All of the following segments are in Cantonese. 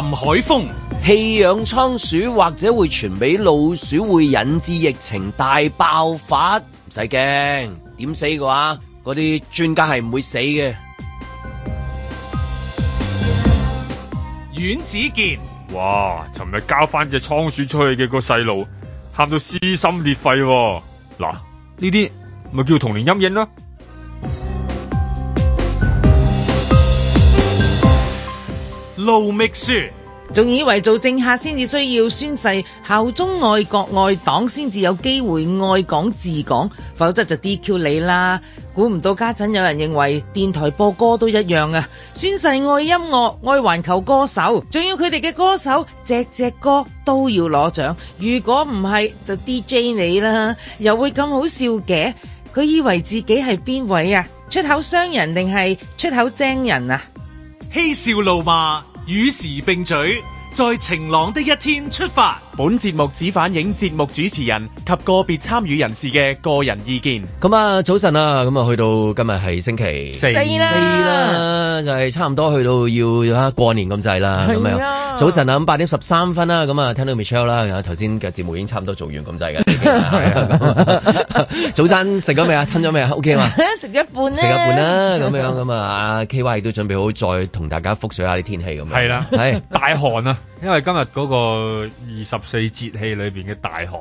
林海峰，棄養倉鼠或者會傳俾老鼠，會引致疫情大爆發。唔使驚，點死嘅話，嗰啲專家係唔會死嘅。阮子健，哇！尋日交翻隻倉鼠出去嘅個細路，喊到撕心裂肺喎。嗱，呢啲咪叫童年陰影咯。露仲以為做政客先至需要宣誓，效忠愛國愛黨先至有機會愛港治港，否則就 DQ 你啦。估唔到家陣有人認為電台播歌都一樣啊，宣誓愛音樂愛環球歌手，仲要佢哋嘅歌手隻隻歌都要攞獎，如果唔係就 DJ 你啦，又會咁好笑嘅？佢以為自己係邊位啊？出口傷人定係出口精人啊？嬉笑怒罵。與時並進，在晴朗的一天出發。本節目只反映節目主持人及個別參與人士嘅個人意見。咁啊，早晨啊，咁啊，去到今日係星期四,四，啦四啦，就係、是、差唔多去到要啊過年咁制啦。咁樣早晨啊，咁八點十三分啦，咁啊，聽到 Michelle 啦，頭先嘅節目已經差唔多做完咁滯嘅。早晨食咗未啊？ 吃了吞咗未啊？OK 嘛？食一半啦食一半啦。咁樣咁啊，阿 KY 都準備好再同大家覆水一下啲天氣咁樣。係啦、啊，係是大寒啊！因為今日嗰個二十四節氣裏邊嘅大寒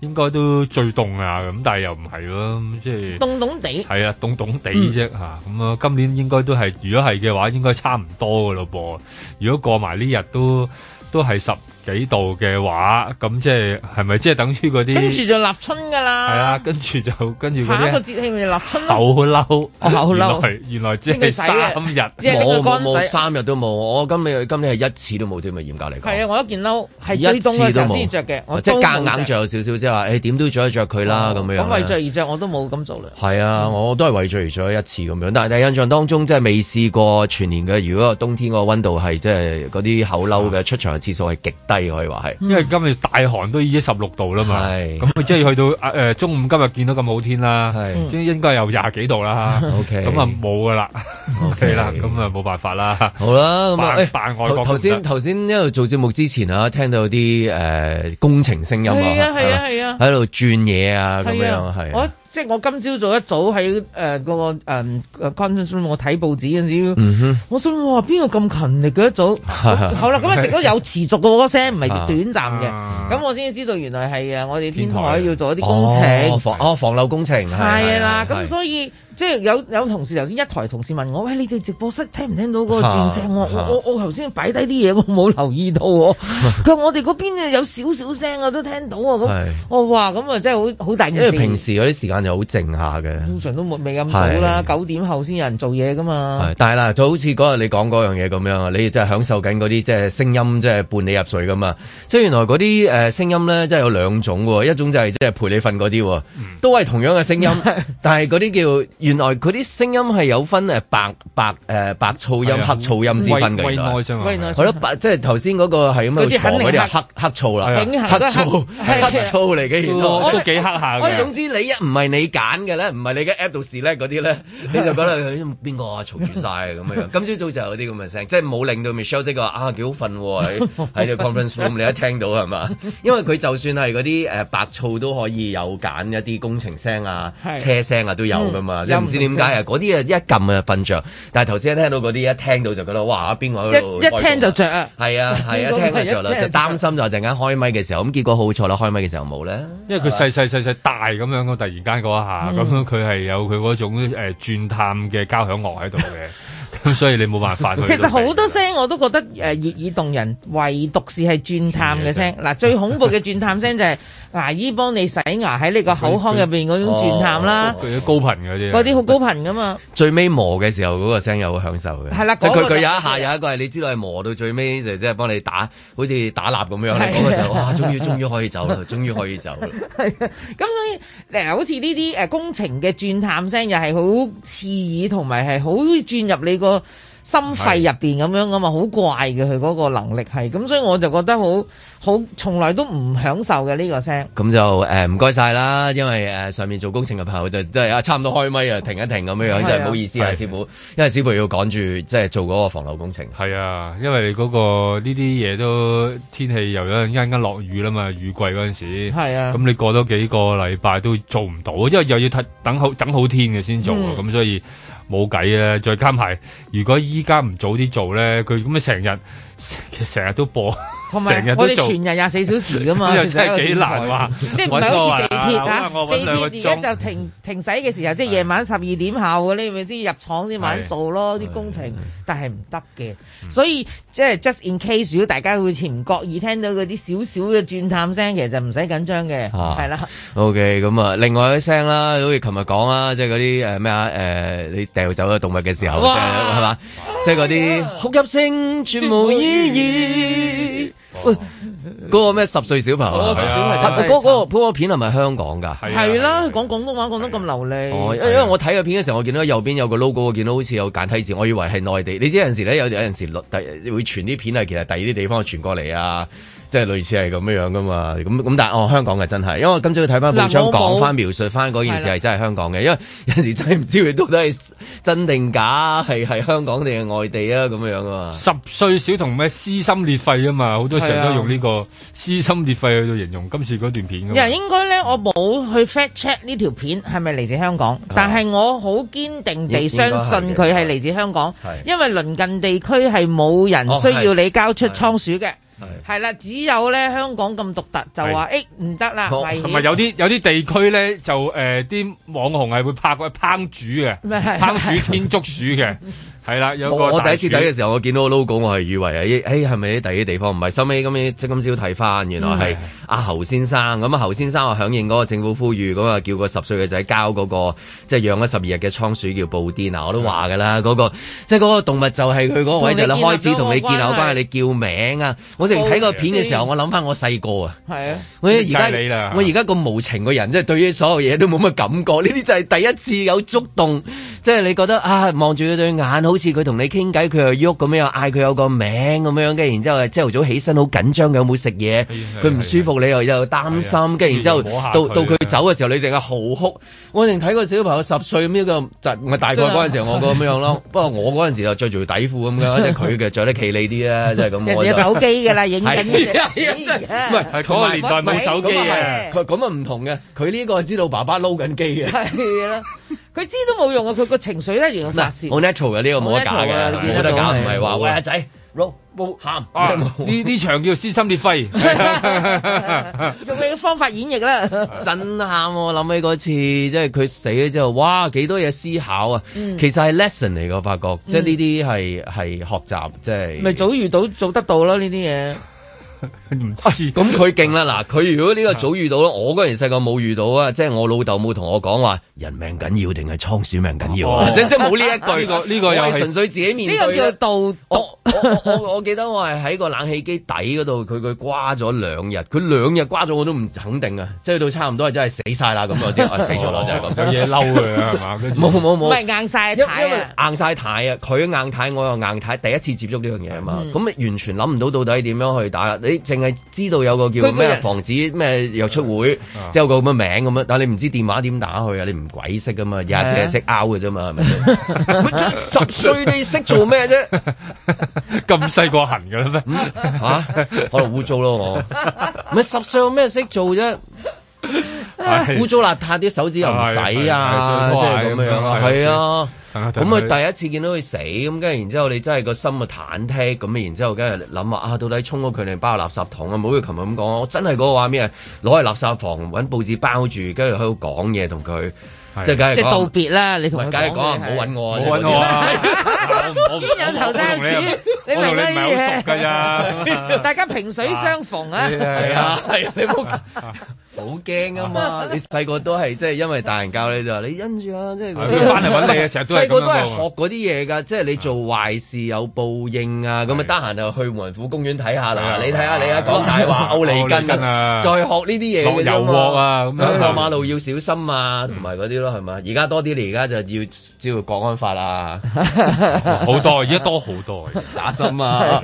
應該都最凍啊，咁但係又唔係咯，即係凍凍地係啊，凍凍地啫吓，咁啊、嗯嗯，今年應該都係，如果係嘅話，應該差唔多噶咯噃。如果過埋呢日都都係十幾度嘅話，咁即係係咪即係等於嗰啲，跟住就立春噶啦。係啊，跟住就跟住嗰啲。下個節氣咪立春咯。厚褸，厚褸，原來原來即係三日，冇冇冇，三日都冇。我今日今年係一次都冇添，咪嚴格嚟講。係啊，我一件褸係最凍嘅先着嘅，即係硬着有少少，即係話誒點都着一着佢啦咁樣。咁為着而着，我都冇咁做啦。係啊，我都係為着而着一次咁樣。但係印象當中，即係未試過全年嘅，如果冬天個溫度係即係嗰啲厚褸嘅出場次數係極低。可以話係，因為今日大寒都已經十六度啦嘛，咁佢即係去到誒中午今日見到咁好天啦，應該又廿幾度啦，咁啊冇噶啦，OK 啦，咁啊冇辦法啦，好啦，咁啊誒，頭先頭先一路做節目之前啊，聽到啲誒工程聲音，係啊係啊係啊，喺度轉嘢啊咁樣，係即係我今朝早做一早喺誒個誒、呃、conference room，我睇報紙嗰陣時，嗯、哼我想哇邊個咁勤力嘅一早， 好啦，咁一直都有持續嘅嗰聲，唔係短暫嘅，咁 我先知道原來係啊，我哋天台要做一啲工程，啊、哦哦防哦防漏工程係啦，咁所以。即係有有同事頭先一台同事問我：喂，你哋直播室聽唔聽到嗰個轉聲？我我我我頭先擺低啲嘢，我冇留意到。佢話 我哋嗰邊有少少聲，我都聽到啊。咁我話咁啊真係好好大件事。因為平時嗰啲時間又好靜下嘅，通常都未未咁早啦，九是點後先有人做嘢噶嘛。但係啦，就好似嗰日你講嗰樣嘢咁樣，你真係享受緊嗰啲即係聲音，即係伴你入睡噶嘛。即係原來嗰啲誒聲音咧，真係有兩種，一種就係即係陪你瞓嗰啲，都係同樣嘅聲音， 但係嗰啲叫。原來佢啲聲音係有分誒白白誒白噪音、黑噪音之分嘅。原來係咯，白即係頭先嗰個係咁喺度嘈，嗰啲係黑黑噪啦，黑噪係黑噪嚟嘅，都幾黑下嘅。總之你一唔係你揀嘅咧，唔係你嘅 app 度試咧嗰啲咧，你就覺得邊個嘈住晒。咁樣。今朝早就有啲咁嘅聲，即係冇令到 Michelle 即係話啊，幾好瞓喎，喺喺個 conference room 你一聽到係嘛？因為佢就算係嗰啲誒白噪都可以有揀一啲工程聲啊、車聲啊都有㗎嘛。唔知點解啊！嗰啲啊一撳啊瞓着。但係頭先聽到嗰啲一聽到就覺得哇！邊個一路一聽就着！」啊！係啊係啊，啊聽就著啦，就，著就擔心就係陣間開咪嘅時候，咁結果好彩啦，開咪嘅時候冇咧。因為佢細細細細大咁樣，突然間嗰一下，咁樣佢係有佢嗰種、呃、轉探嘅交響樂喺度嘅。 咁 所以你冇辦法去。其實好多聲我都覺得誒，悅耳動人，唯獨是係鑽探嘅聲。嗱的，最恐怖嘅鑽探聲就係牙醫幫你洗牙喺你個口腔入邊嗰種鑽探啦。哦、高頻㗎啲，嗰啲好高頻噶嘛。最尾磨嘅時候嗰個聲又好享受嘅。係啦，佢、那、佢、個就是、有一下有一個係你知道係磨到最尾就即係幫你打好似打蠟咁樣嗰個就哇，終於終於可以走啦，終於 可以走啦。咁所以、呃、好似呢啲誒工程嘅鑽探聲又係好刺耳，同埋係好鑽入你。個心肺入邊咁樣咁啊，好怪嘅佢嗰個能力係，咁所以我就覺得好好，從來都唔享受嘅呢、這個聲。咁就誒唔該晒啦，因為誒、呃、上面做工程嘅朋友就真係啊，差唔多開咪啊，停一停咁樣樣、啊、真係唔好意思啊，啊師傅，因為師傅要趕住即係做嗰個防漏工程。係啊，因為嗰、那個呢啲嘢，都天氣又有陣間間落雨啦嘛，雨季嗰陣時。係啊。咁你過多幾個禮拜都做唔到，因為又要等等好等好天嘅先做，咁、嗯、所以。冇計啊，再加埋，如果依家唔早啲做咧，佢咁啊成日，成日都播。同埋我哋全日廿四小時噶嘛，咁又真係幾難話。即係唔係好似地鐵啊，地鐵而家就停停駛嘅時候，即係夜晚十二點後嘅咧，你咪先入廠先慢慢做咯啲工程，但係唔得嘅。所以即係 just in case，如果大家會唔覺意聽到嗰啲少少嘅轉探聲，其實唔使緊張嘅，係啦。OK，咁啊，另外一聲啦，好似琴日講啦，即係嗰啲誒咩啊誒，你掉走咗動物嘅時候，係嘛？即係嗰啲哭泣聲，全無意義。嗰 個咩十歲小朋友，啊，嗰嗰、 那個嗰個片係咪香港㗎？係啦、 啊，講廣東話講得咁流利。哦，因因為我睇個片嘅時候，我見到右邊有個 logo，我見到好似有簡體字，我以為係內地。你知有陣時咧，有呢有陣時第會傳啲片係其實第二啲地方傳過嚟啊。即係類似係咁樣樣噶嘛，咁咁但係哦，香港嘅真係，因為今朝睇翻報章講翻描述翻嗰件事係真係香港嘅，是的 因為有時真係唔知佢到底真定假，係係香港定係外地啊咁樣啊嘛。十歲小童咩撕心裂肺啊嘛，好多時候都用呢個撕心裂肺去到形容今次嗰段片嘛。因為應該咧，我冇去 fact check 呢條片係咪嚟自香港，啊、但係我好堅定地相信佢係嚟自香港，因為鄰近地區係冇人需要你交出倉鼠嘅。哦。係啦，只有咧香港咁獨特，就話誒唔得啦，唔係同埋有啲有啲地區咧就誒啲、呃、網紅係會拍個烹煮嘅，是烹煮天竺鼠嘅。 係啦，有個我，我第一次睇嘅時候，我見到個 logo，我係以為啊，誒係咪喺第啲地方？唔係，收尾咁樣即係今朝睇翻，原來係阿侯先生咁啊。侯先生啊，我響應嗰個政府呼籲，咁啊叫個十歲嘅仔交嗰、那個即係養咗十二日嘅倉鼠叫布丁啊！我都話噶啦，嗰的、那個即係嗰個動物就係佢嗰個位，你就你開始同你建立關係，的你叫名啊！我淨睇個片嘅時候，我諗翻我細個啊，係啊的，我而家的我而家咁無情嘅人，即係對於所有嘢都冇乜感覺，呢啲就係第一次有觸動。即係你覺得啊，望住佢對眼，好似佢同你傾偈，佢又喐咁樣，又嗌佢有個名咁樣，跟然之後朝頭早起身好緊張嘅，有冇食嘢？佢唔舒服，你又又擔心。跟然之後到到佢走嘅時候，你淨係豪哭。我淨睇個小朋友十歲咁樣嘅，唔係大概嗰陣時候我咁樣咯。不過我嗰陣時就着住底褲咁樣，即係佢嘅着得企理啲啊，即係咁。有手機噶啦，影緊。唔係嗰個年代冇手機嘅，佢咁啊唔同嘅。佢呢個知道爸爸撈緊機嘅。佢知都冇用啊！佢個情緒咧仍然發泄。我 natural 嘅呢個冇得假嘅，冇得假，唔係話喂阿仔，喊啊！呢呢場叫撕心裂肺，用你嘅方法演繹啦。震撼我諗起嗰次，即係佢死咗之後，哇幾多嘢思考啊！其實係 lesson 嚟嘅，發覺即係呢啲係係學習，即係咪早遇到做得到囉，呢啲嘢。唔知咁佢勁啦，嗱，佢如果呢個早遇到，我嗰陣細個冇遇到啊，即係我老豆冇同我講話，人命緊要定係倉鼠命緊要啊，即即冇呢一句，呢個又係純粹自己面對，呢個叫度我我記得我係喺個冷氣機底嗰度，佢佢瓜咗兩日，佢兩日瓜咗我都唔肯定啊，即係到差唔多係真係死晒啦，咁我知，死咗啦，就係咁。有嘢嬲佢啊，冇冇冇，唔係硬晒太，因為硬晒太啊，佢硬太我又硬太，第一次接觸呢樣嘢啊嘛，咁啊完全諗唔到到底點樣去打你淨係知道有個叫咩房子咩又出會，啊、即係有個咁嘅名咁樣，但係你唔知電話點打佢 啊！你唔鬼識噶嘛，日淨係識 out 嘅啫嘛，係咪？十歲你識做咩啫？咁細個痕噶啦咩？吓可能污糟咯，我咪十歲有咩識做啫？污糟邋遢啲手指又唔使啊，即係咁樣咯，係啊。咁佢第一次見到佢死，咁跟住然之後你真係個心啊忐忑，咁然之後跟住諗話啊，到底沖咗佢定包垃圾桶啊？冇佢琴日咁講，我真係嗰個話咩啊？攞嚟垃圾房搵報紙包住，跟住喺度講嘢同佢，即係即係道別啦。你同佢梗係講唔好搵我，唔好搵我唔頭債主，你唔係好熟噶，大家萍水相逢啊，係啊，係啊，你冇。好驚啊嘛！你細個都係即係因為大人教你就話你因住啊，即係佢翻嚟搵你啊，成日都係。細個都係學嗰啲嘢㗎，即係你做壞事有報應啊！咁啊，得閒就去雲府公園睇下啦。你睇下你啊，講大話，歐尼根啊，再學呢啲嘢油鑊啊，咁行馬路要小心啊，同埋嗰啲咯，係嘛？而家多啲嚟，而家就要照國安法啦，好多而家多好多，打針啊！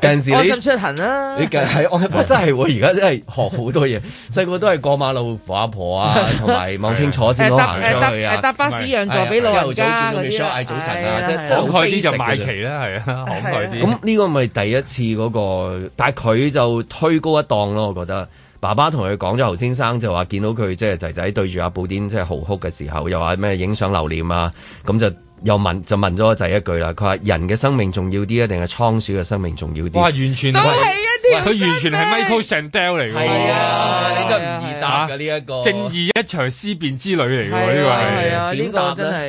近時你安心出行啦，你近係我真係我而家真係學好多嘢，細個。都係過馬路扶阿婆啊，同埋望清楚先得。行出去啊，搭巴士讓座俾老人家。即係朝早見到你説：早晨啊，即係慷慨啲就賣旗啦，係啊，慷慨啲。咁呢個咪第一次嗰個，但係佢就推高一檔咯。我覺得爸爸同佢講咗，侯先生就話見到佢即係仔仔對住阿布甸，即係嚎哭嘅時候，又話咩影相留念啊，咁就。又問就問咗個仔一句啦，佢話：人嘅生命重要啲啊，定係倉鼠嘅生命重要啲？哇！完全都係一啲，佢完全係 Michael Sandel 嚟嘅，係啊，你真係唔易答㗎呢一個，正義一場思辨之旅嚟嘅喎，呢個係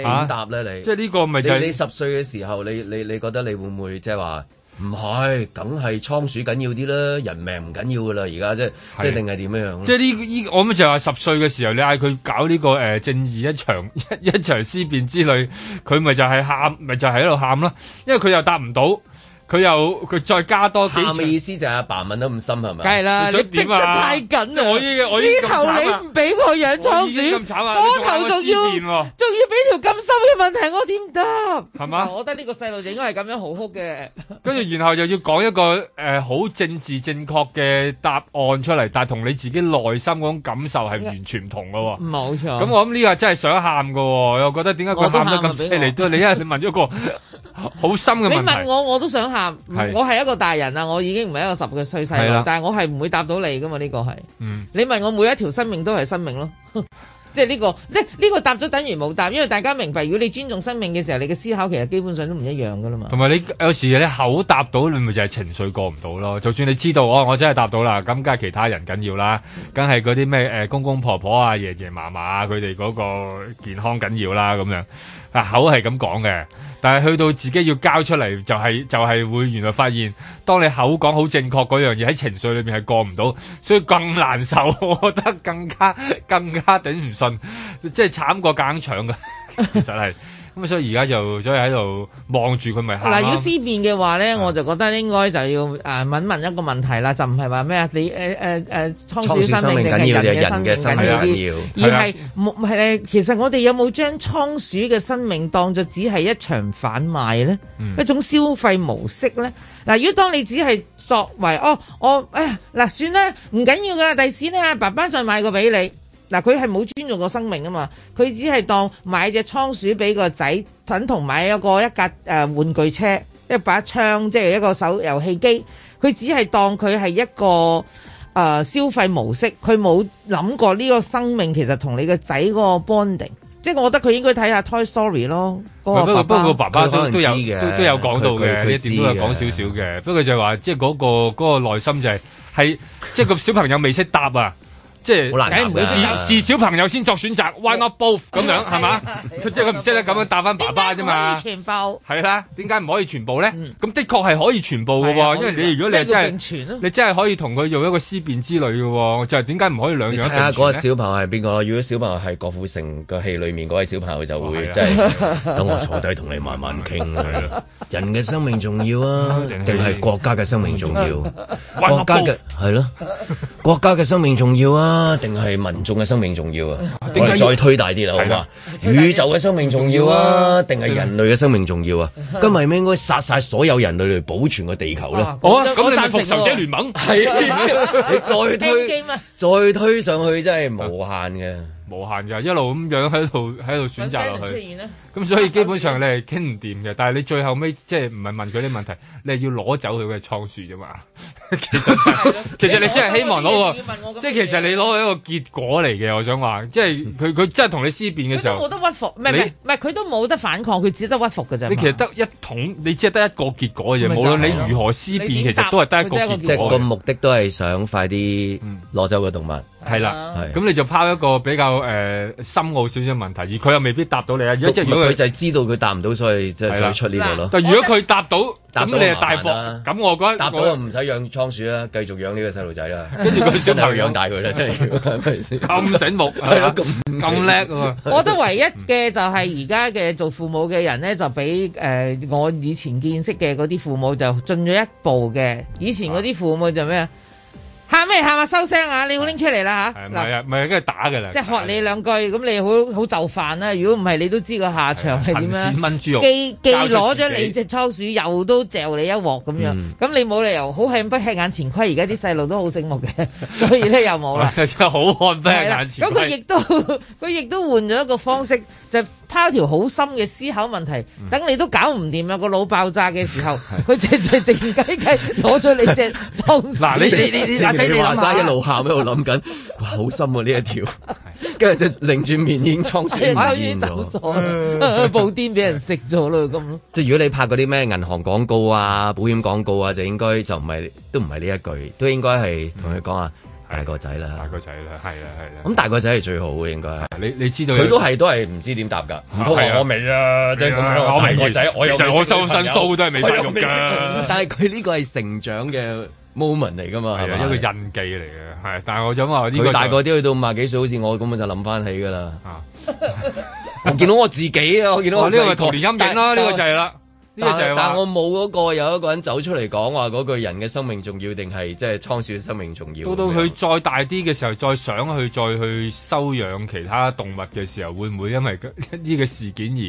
點答咧？你。即係呢個咪就係你十歲嘅時候，你你你覺得你會唔會即係話？唔係，梗係倉鼠緊要啲啦，人命唔緊要噶啦，而家即係即係定係點樣？即係是呢？依、呢個、我咪就話十歲嘅時候，你嗌佢搞呢、呢個誒、呃、正義一場一一場思辨之類，佢咪就係喊，咪就係喺度喊咯，因為佢又答唔到。佢又佢再加多幾，喊意思就阿、是、爸問得唔深係咪？梗係啦，你，啊、你逼得太緊啦，啊！我依個、啊、頭你唔俾佢養倉鼠，嗰頭仲要仲要俾、啊、條咁深嘅問題，我點得？係嘛吧？ 我覺得呢個細路仔應該係咁樣好哭嘅。跟住然後又要講一個誒好、呃、政治正確嘅答案出嚟，但係同你自己內心嗰種感受係完全唔同嘅喎。冇 錯。咁我諗呢個真係想喊嘅喎，又覺得點解佢喊得咁犀利？你因為你問咗一個好深嘅問題。你問我我都想喊。我係一個大人啦，我已經唔係一個十嘅細細路，但係我係唔會答到你噶嘛，呢個係，你問我每一條生命都係生命咯，即係呢個，呢呢個答咗等於冇答，因為大家明白，如果你尊重生命嘅時候，你嘅思考其實基本上都唔一樣噶啦嘛。同埋你有時你口答到，你咪就係情緒過唔到咯。就算你知道我我真係答到啦，咁梗係其他人緊要啦，梗係嗰啲咩誒公公婆婆啊、爺爺嫲嫲啊，佢哋嗰個健康緊要啦，咁樣啊口係咁講嘅。但係去到自己要交出嚟，就係、是、就係、是、會原來發現，當你口講好正確嗰樣嘢喺情緒裏面係過唔到，所以更難受，我覺得更加更加頂唔順，即係慘過夾硬搶嘅 其實係。咁，所以而家就所以喺度望住佢，咪嚇。嗱，如果思辨嘅話咧，是的 我就覺得應該就要誒問問一個問題啦，就唔係話咩啊？你誒誒誒，倉鼠生命定係人嘅生命緊要？而係唔係？其實我哋有冇將倉鼠嘅生命當作只係一場販賣咧？嗯、一種消費模式咧？嗱，如果當你只係作為哦，我誒，嗱算啦，唔緊要噶啦，第時咧，爸爸再買個俾你。嗱，佢係冇尊重過生命啊嘛，佢只係當買隻倉鼠俾個仔，等同買一個一架誒、呃、玩具車一把槍，即係一個手遊戲機。佢只係當佢係一個誒、呃、消費模式，佢冇諗過呢個生命其實同你個仔個 bonding，即係我覺得佢應該睇下 Toy Story 咯。那個、爸爸不過不過，不過爸爸都有嘅，都有講到嘅，知一點都有講少少嘅。不過就係話，即係嗰個嗰、那個內心就係係即係個小朋友未識答啊。 即係試試小朋友先作選擇，why not both 咁樣係嘛？即係佢唔識得咁樣答翻爸爸啫嘛？全部？係啦，點解唔可以全部咧？咁的確係可以全部嘅喎，因為你如果你真係、啊、你真係可以同佢做一個思辨之類嘅、啊，就係點解唔可以兩樣一併？你睇下個小朋友係邊個？如果小朋友係郭富城嘅戲裡面嗰位、那個、小朋友，就會即係等我坐低同你慢慢傾、啊、 人嘅生命重要啊，定係國家嘅生命重要？國家嘅係咯，國家嘅生命重要啊！ 啊！定係民眾嘅生命重要啊？我哋再推大啲啦，好嘛？宇宙嘅生命重要啊？定係人類嘅生命重要啊？咁後咪應該殺晒所有人類嚟保存個地球咧？好啊！咁你咪睇復仇者聯盟？係、啊， 你再推，的再推上去真係無限嘅、啊，無限嘅，一路咁樣喺度，喺度選擇落去。咁所以基本上你係傾唔掂嘅，但係你最後尾即係唔係問佢啲問題，你係要攞走佢嘅倉鼠啫嘛？其實其實你真係希望攞個，即係其實你攞一個結果嚟嘅。我想話，即係佢佢真係同你思辨嘅時候，佢都冇得屈服，唔係，唔係，佢都冇得反抗，佢只得屈服嘅啫。你其實得一桶，你只係得一個結果嘅啫。無論你如何思辨，其實都係得一個結果。個目的都係想快啲攞走個動物。係啦，咁你就拋一個比較誒深奧少少問題，而佢又未必答到你啊。佢就係知道佢答唔到，所以即係出呢個咯。但如果佢答到，那答到就，你就大博。咁我覺得答到就唔使養倉鼠啦，繼續養呢個細路仔啦。跟住個心頭養大佢啦，真係要咁醒目，係咯，咁咁叻喎。 我覺得唯一嘅就係而家嘅做父母嘅人咧，就比誒、呃、我以前見識嘅嗰啲父母就進咗一步嘅。以前嗰啲父母就咩啊？喊咩喊是啊！收聲啊！你好拎出嚟啦吓，係咪啊？咪跟住打㗎啦。即係喝你兩句，咁你好好就範啦、啊。如果唔係，你都知個下場係點樣、啊肉既？既既攞咗你隻倉鼠，又都嚼你一鑊咁、嗯、樣。咁你冇理由好漢不吃眼前虧？而家啲細路都好醒目嘅， 所以又冇啦。 好漢不吃眼前咁佢亦都佢亦都換咗一個方式就是。差條好深嘅思考問題，等你都搞唔掂有個腦爆炸嘅時候，佢直直靜雞雞攞咗你隻倉鼠。嗱，你你你你，即係你話齋，一路喊喺度諗緊，哇，好深啊呢一條，跟住就擰轉面，已經倉鼠唔見咗，布丁俾人食咗啦咁。即係如果你拍嗰啲咩銀行廣告啊、保險廣告啊，就應該就唔係都唔係呢一句，都應該係同佢講啊。大個仔啦，大個仔啦，係啦係啦，咁大個仔係最好嘅應該係，你你知道佢都係都係唔知點答噶，唔通我未啊，即係咁樣，我未個仔，其實我收身蘇都係未用噶，但係佢呢個係成長嘅 moment 嚟噶嘛，係咪一個印記嚟嘅？係，但係我想話呢個大個啲，去到五十幾歲，好似我咁就諗翻起噶啦，啊，見到我自己啊，我見到我呢個童年陰影啦，呢個就係啦。但係我冇嗰，那個有一個人走出嚟講話嗰個人嘅生命重要定係即係倉鼠嘅生命重要。重要到到佢再大啲嘅時候，嗯、再想去再去收養其他動物嘅時候，會唔會因為呢個事件而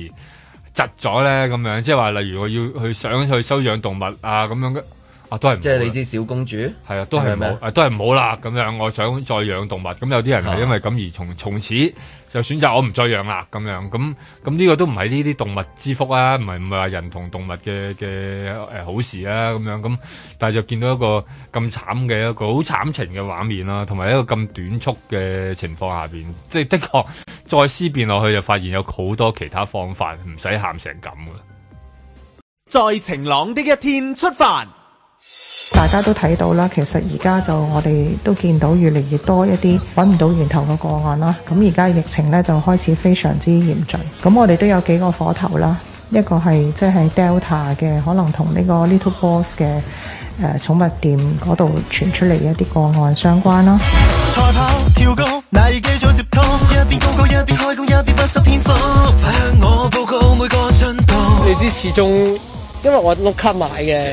窒咗咧？咁樣即係話，例如我要去想去收養動物啊咁樣嘅啊，都係即係你知小公主係啊，都係唔好都係唔好啦。咁樣我想再養動物，咁有啲人係因為咁而從從、啊、此。就選擇我唔再養啦咁樣，咁咁呢個都唔係呢啲動物之福啊，唔係唔係話人同動物嘅嘅、呃、好事啊咁樣，咁但係就見到一個咁慘嘅一個好慘情嘅畫面啦、啊，同埋一個咁短促嘅情況下面，即係的確再思辨落去就發現有好多其他方法唔使喊成咁嘅。在晴朗的一天出發。大家都睇到啦，其實而家就我哋都見到越嚟越多一啲揾唔到源頭嘅個案啦。咁而家疫情咧就開始非常之嚴峻。咁我哋都有幾個火頭啦，一個係即係、就是、Delta 嘅，可能同呢個 Little Boss 嘅誒寵物店嗰度傳出嚟一啲個案相關咯。你知始終，因為我碌卡買嘅。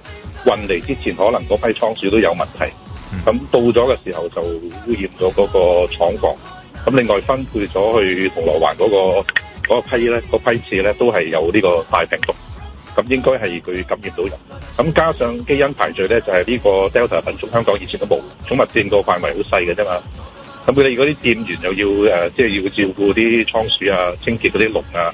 運嚟之前可能嗰批倉鼠都有問題，咁到咗嘅時候就污染咗嗰個廠房。咁另外分配咗去銅鑼灣嗰個批咧，個批次咧都係有呢個大病毒。咁應該係佢感染到人。咁加上基因排序咧，就係、是、呢個 Delta 品種，香港以前都冇。寵物店個範圍好細嘅啫嘛。咁佢哋如果啲店員又要、呃、即係要照顧啲倉鼠啊，清潔嗰啲籠啊。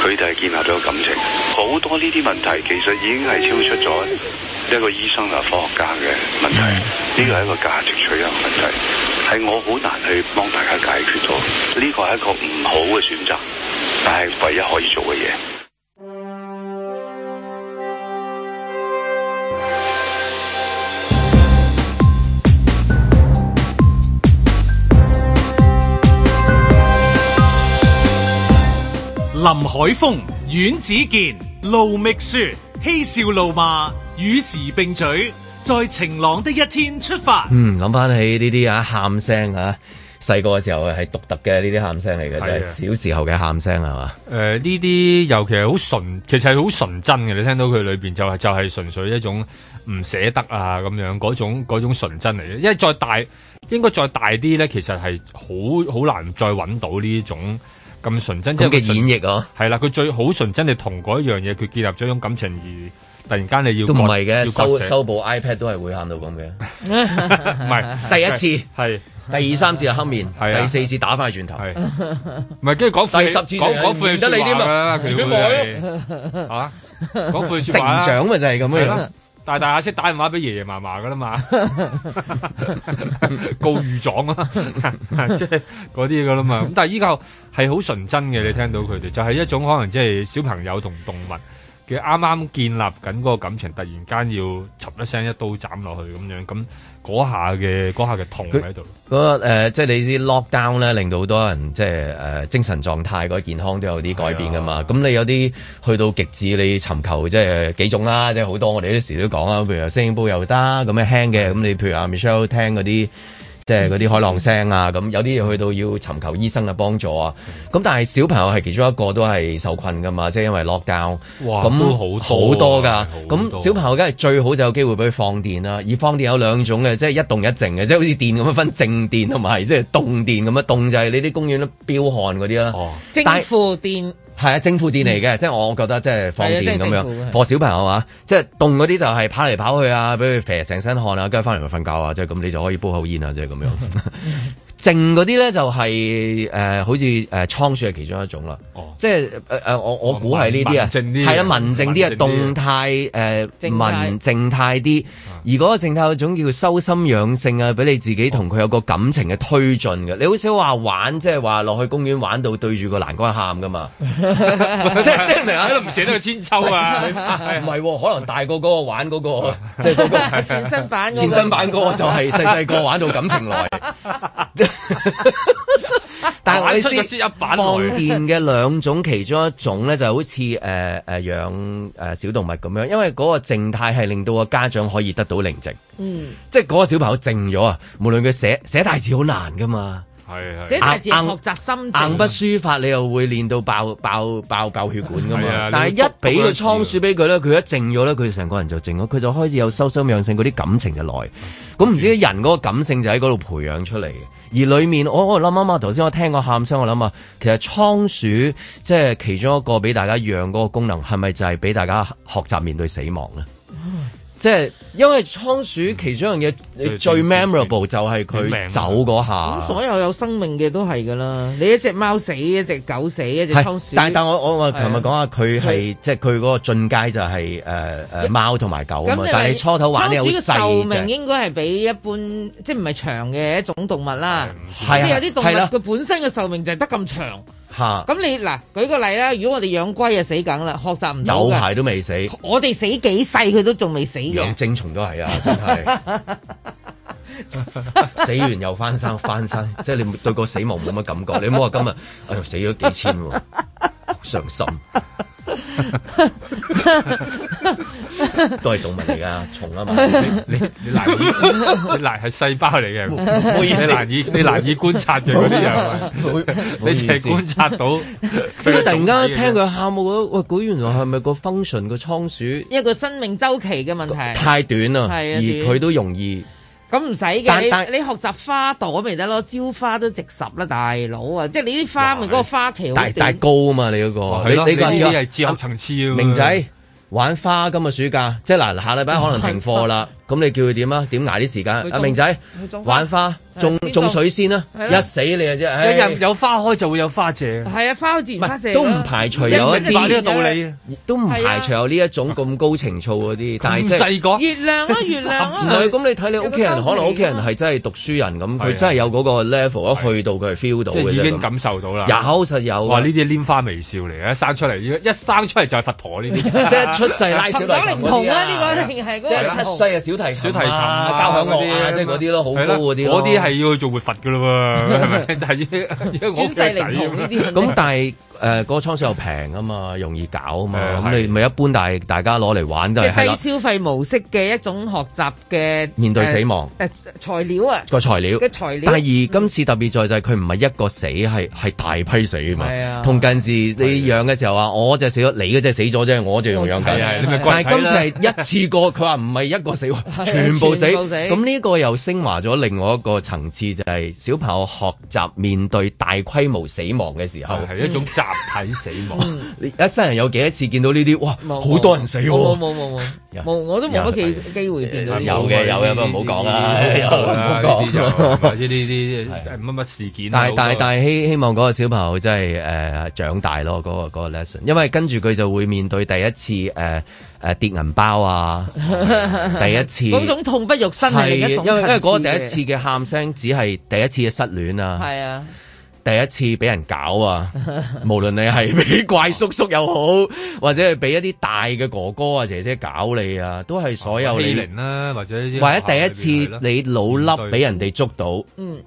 佢哋係建立咗感情，好多呢啲問題其實已經係超出咗一個醫生呀，科學家嘅問題，呢個係一個價值取向問題，係我好難去幫大家解決到，呢個係一個唔好嘅選擇，但係唯一可以做嘅嘢。林海峰、阮子健、盧覓雪，嬉笑怒罵，與時並舉。在晴朗的一天出發。嗯，諗翻起呢啲啊喊聲啊，細個嘅時候係獨特嘅呢啲喊聲嚟嘅啫，小時候嘅喊聲係嘛？誒的，呢啲、呃、尤其係好純，其實係好純真嘅。你聽到佢裏邊就係就係、是、純粹一種唔捨得啊咁樣嗰種嗰種純真嚟嘅。因為再大，應該再大啲咧，其實係好好難再搵到呢種。咁純真，即係嘅演繹嗬，係啦，佢最好純真係同嗰一樣嘢，佢建立咗種感情而突然間你要都唔係嘅，收收部 iPad 都係會喊到咁嘅，唔係第一次，係第二三次就黑面，係第四次打翻轉頭，係唔係跟住講第十次講講副得你啲咯，自己摸啊，講副説話，成長咪就係咁樣。大大下先打電話俾爺爺嫲嫲㗎啦嘛， 告御狀啊，即係嗰啲㗎啦嘛。咁但係依個係好純真嘅，你聽到佢哋就係、是、一種可能，即係小朋友同動物嘅啱啱建立緊嗰個感情，突然間要嚓一聲一刀斬落去咁樣咁。嗰下嘅嗰下嘅痛喺度，嗰、那、誒、個呃、即係你知 lockdown 咧，令到好多人即係誒、呃、精神狀態嗰健康都有啲改變噶嘛。咁是、啊、你有啲去到極致，你尋求即係幾種啦，即係好多我哋有時都講啦，譬如聲波又得，咁樣輕嘅，咁是的 你譬如阿、啊、Michelle 聽嗰啲。即係嗰啲海浪聲啊，咁有啲嘢去到要尋求醫生嘅幫助啊，咁但係小朋友係其中一個都係受困噶嘛，即係因為 lockdown< 嘩>，咁好這樣 多噶，咁多小朋友梗係最好就有機會俾佢放電啦、啊，而放電有兩種嘅，即係一動一靜嘅，即係好似電咁樣分靜電同埋即係動電咁樣，動就係你啲公園都飆汗嗰啲啦，正負、哦、但電。係啊，正負電嚟嘅，嗯、即係我覺得即係放電咁樣。放的小朋友啊，的即係凍嗰啲就係跑嚟跑去啊，畀佢肥成身汗啊，跟住翻嚟咪瞓覺啊，即係咁，你就可以煲口煙啊，即係咁樣。 靜嗰啲咧就係誒，好似誒倉鼠係其中一種啦，即係誒誒，我我估係呢啲啊，靜啲係啦，文靜啲啊，動態誒文靜態啲，而嗰個靜態有種叫修心養性啊，俾你自己同佢有個感情嘅推進嘅，你好少話玩，即係話落去公園玩到對住個欄杆喊噶嘛，即係即係喺度唔捨得去千秋啊，唔係可能大個嗰個玩嗰個，即係嗰個健身版，健身版嗰個就係細細個玩到感情來。 但係我哋先放電嘅兩種， 其中一種咧就好似誒誒養誒小動物咁樣，因為嗰個靜態係令到個家長可以得到寧靜，嗯、即係嗰個小朋友靜咗啊，無論佢寫寫大字好難噶嘛，係寫大字學習心靜，硬筆書法你又會練到爆爆爆爆血管噶嘛，啊、但係一俾個倉鼠俾佢咧，佢一靜咗咧，佢成個人就靜咗，佢就開始有修心養性，嗰啲感情就來，咁唔知啲人嗰個感性就喺嗰度培養出嚟嘅。而裏面，我我諗啊嘛，頭先我聽過喊聲，我諗啊，其實倉鼠即係其中一個俾大家養嗰個功能，係咪就係俾大家學習面對死亡咧？即係，因為倉鼠其中一樣嘢，你最 memorable 就係佢走嗰下。咁所有有生命嘅都係噶啦，你一隻貓死，一隻狗死，一隻倉鼠。但但，我我我琴日講下佢係，即係佢嗰個進階就係誒誒貓同埋狗啊嘛。但係初頭玩你好細啫。倉鼠嘅壽命應該係比一般即係唔係長嘅一種動物啦。係啊，即係有啲動物佢本身嘅壽命就係得咁長。嚇！咁你嗱，舉個例啦，如果我哋養龜啊死梗啦，學習唔到，有排都未死，我哋死幾世佢都仲未死嘅。養精蟲都係啊，真係 死完又翻生，翻生即係你對個死亡冇乜感覺。你唔好話今日，哎呀死咗幾千喎，啊。傷心， 都係動物嚟噶，蟲啊嘛， 你你難細你難係細胞嚟嘅，你難以你難以觀察嘅嗰啲嘢，你淨係觀察到，即係突然間聽佢喊，我覺得：「喂，原來係咪個 function 個倉鼠，一個生命周期嘅問題，太短啦，短了而佢都容易。咁唔使嘅，你學習花朵咪得咯，朝花都直十啦，大佬啊！即係你啲花咪嗰哇個花期，大大高啊嘛！你嗰，那個，啊、你嗰啲係哲學層次。明仔玩花，今個暑假，即係嗱、啊，下禮拜可能停課啦。咁 你叫佢點中啊？點捱啲時間？阿明仔花玩花。種種水仙啦，一死你啊啫！一日有花開就會有花謝，係啊，花開自然花謝。都唔排除有呢一道理，都唔排除有呢一種咁高情操嗰啲。但係細個。月亮啊，月亮啊！咁你睇你屋企人，可能屋企人係真係讀書人咁，佢真係有嗰個 level，一去到佢係 feel 到。已經感受到啦。有實有，哇！呢啲拈花微笑嚟嘅，生出嚟一生出嚟就係佛陀呢啲，即係出世拉小提琴啊，靈童啊，呢個係嗰啲七歲嘅小提琴、小提琴、交響樂啊，即係嗰啲咯，好高嗰啲。係要去做活佛噶嘞喎，係咪？ 但係，因為我細仔咁，但係。誒嗰個倉鼠又平啊嘛，容易搞啊嘛，咁你咪一般大大家攞嚟玩都即係低消費模式嘅一種學習嘅面對死亡材料啊，個材料嘅材料。但而今次特別在就係佢唔係一個死，係係大批死啊嘛。係啊，同近陣時你養嘅時候啊，我隻死咗，你即隻死咗啫，我就仲養緊。但係今次係一次過，佢話唔係一個死，全部死。咁呢個又升華咗另外一個層次，就係小朋友學習面對大規模死亡嘅時候一睇死亡， 你一生人有幾多次見到呢啲？哇，好沒沒 多人死喎，啊！冇冇冇冇冇，我都冇乜機機會見到。有嘅有嘅，唔好講啦，講呢啲，或者呢啲乜乜事件。但係但但希希望嗰個小朋友真係誒、呃、長大咯，嗰、嗰個嗰、嗰個 lesson，因為跟住佢就會面對第一次誒誒、呃呃、跌銀包啊，第一次。嗰 種痛不欲生嘅一種。因為嗰個第一次嘅喊聲，只係第一次嘅失戀啊。係啊。第一次俾人搞啊！無論你係俾怪叔叔又好，或者係俾一啲大嘅哥哥啊姐姐搞你啊，都係所有欺凌啦、啊啊，或者或者第一次你老笠俾人哋捉到，嗯，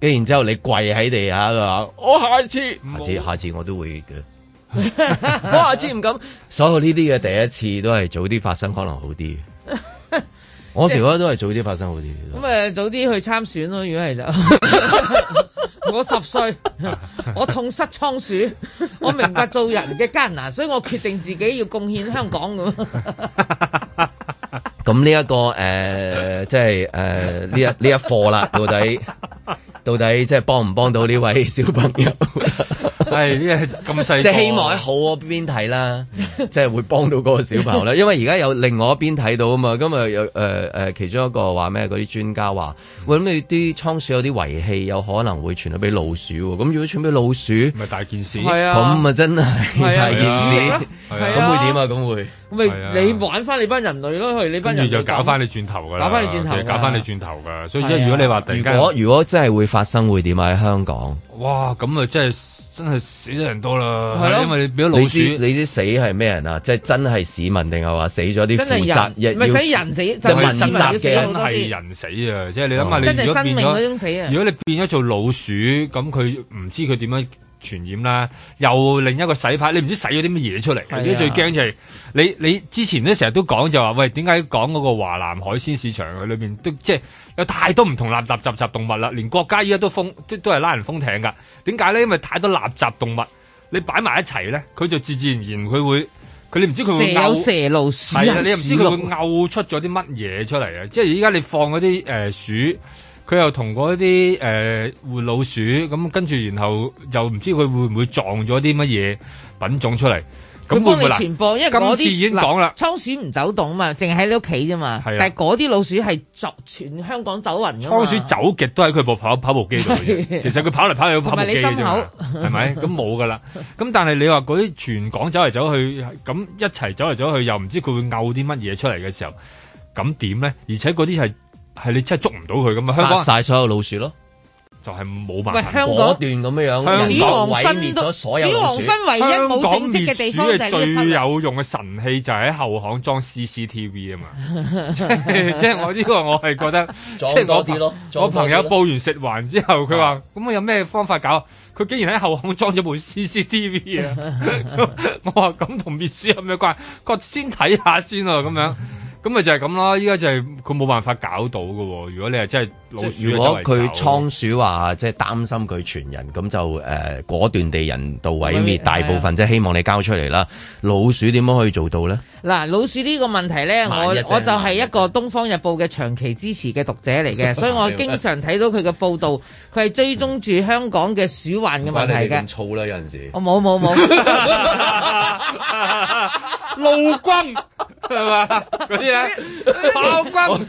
跟住然之後你跪喺地下，佢話我下次，下次，下次下次我都會嘅， 我下次唔敢。 所有呢啲嘅第一次都係早啲發生可能好啲。即我時覺得都係早啲發生好啲，咁誒早啲去參選咯。如果係就 我十歲， 我痛失倉鼠，我明白做人嘅艱難，所以我決定自己要貢獻香港咁。 .咁呢一個誒，即係誒呢一呢一課啦，到底到底即係幫唔幫到呢位小朋友？係呢咁細，即係希望喺好嗰邊睇啦，即係 會幫到嗰個小朋友啦。因為而家有另外一邊睇到啊嘛，咁啊有誒誒、呃、其中一個話咩？嗰啲專家話、嗯、喂，咁你啲倉鼠有啲遺棄，有可能會傳到俾老鼠喎。咁如果傳俾老鼠，咪大件事係啊，咁啊真係大件事，咁會點啊？咁會喂、啊啊、你玩翻你班人類咯？佢你班。跟住就搞翻你轉頭噶，搞翻你轉頭噶，搞翻你轉頭噶。的所以即係如果你話突然間，如果如果真係會發生會點啊？喺香港，哇咁啊，那真係真係死咗人多啦。係咯的，因為你變咗老鼠。你啲死係咩人啊？即係真係市民定係話死咗啲？真係人，唔係要死人死，真係市民的死真係人死啊！即係你諗下，你如果變咗，如果你變咗做老鼠，咁佢唔知佢點樣。傳染啦，又另一個洗牌，你唔知洗咗啲乜嘢出嚟。而且是呀 最驚就係、是、你你之前咧成日都講就話，喂點解講嗰個華南海鮮市場嘅裏面都，都即係有太多唔同垃圾雜雜動物啦，連國家依家都封，都都係拉人封艇噶。點解咧？因為太多垃圾動物，你擺埋一齊咧，佢就自自然然佢會佢你唔知佢會蛇有蛇路，鼠有鼠路，你唔知佢會勾出咗啲乜嘢出嚟啊！即係依家你放嗰啲誒鼠。佢又同嗰啲誒活老鼠，咁、嗯、跟住然後又唔知佢會唔會撞咗啲乜嘢品種出嚟？咁會唔會嗱？因為嗰啲已經講啦，倉鼠唔走動啊嘛，淨係喺你屋企啫嘛。的但係嗰啲老鼠係全香港走勻㗎。倉鼠走極都喺佢部跑跑步機度。的其實佢跑嚟跑去都跑步機啫嘛。係咪？咁冇㗎啦。咁、嗯、 但係你話嗰啲全港走嚟走去，咁一齊走嚟走去，又唔知佢會嘔啲乜嘢出嚟嘅時候，咁點咧？而且嗰啲係。係你真係捉唔到佢咁啊！殺晒所有老鼠咯，就係冇辦法。香果段咁樣樣，香港，毀滅咗所有老鼠。香港滅鼠嘅地最有用嘅神器就喺後巷裝 CCTV 啊嘛！即係我呢個我係覺得，即係我我朋友報完食環之後，佢話咁我有咩方法搞？佢竟然喺後巷裝咗部 CCTV 啊！我話咁同滅鼠有咩關？我先睇下先啊！咁樣。咁咪就係咁啦，依家就係佢冇辦法搞到㗎喎。如果你係真係老鼠，如果佢倉鼠話即係擔心佢傳人，咁就誒、呃、果斷地人道毀滅大部分，即係、啊、希望你交出嚟啦。老鼠點樣可以做到咧？嗱，老鼠呢個問題咧，我我就係一個《東方日報》嘅長期支持嘅讀者嚟嘅，所以我經常睇到佢嘅報道，佢係追蹤住香港嘅鼠患嘅問題嘅。咁臊啦，有陣時我冇冇冇。 路軍係嘛嗰啲咧，暴君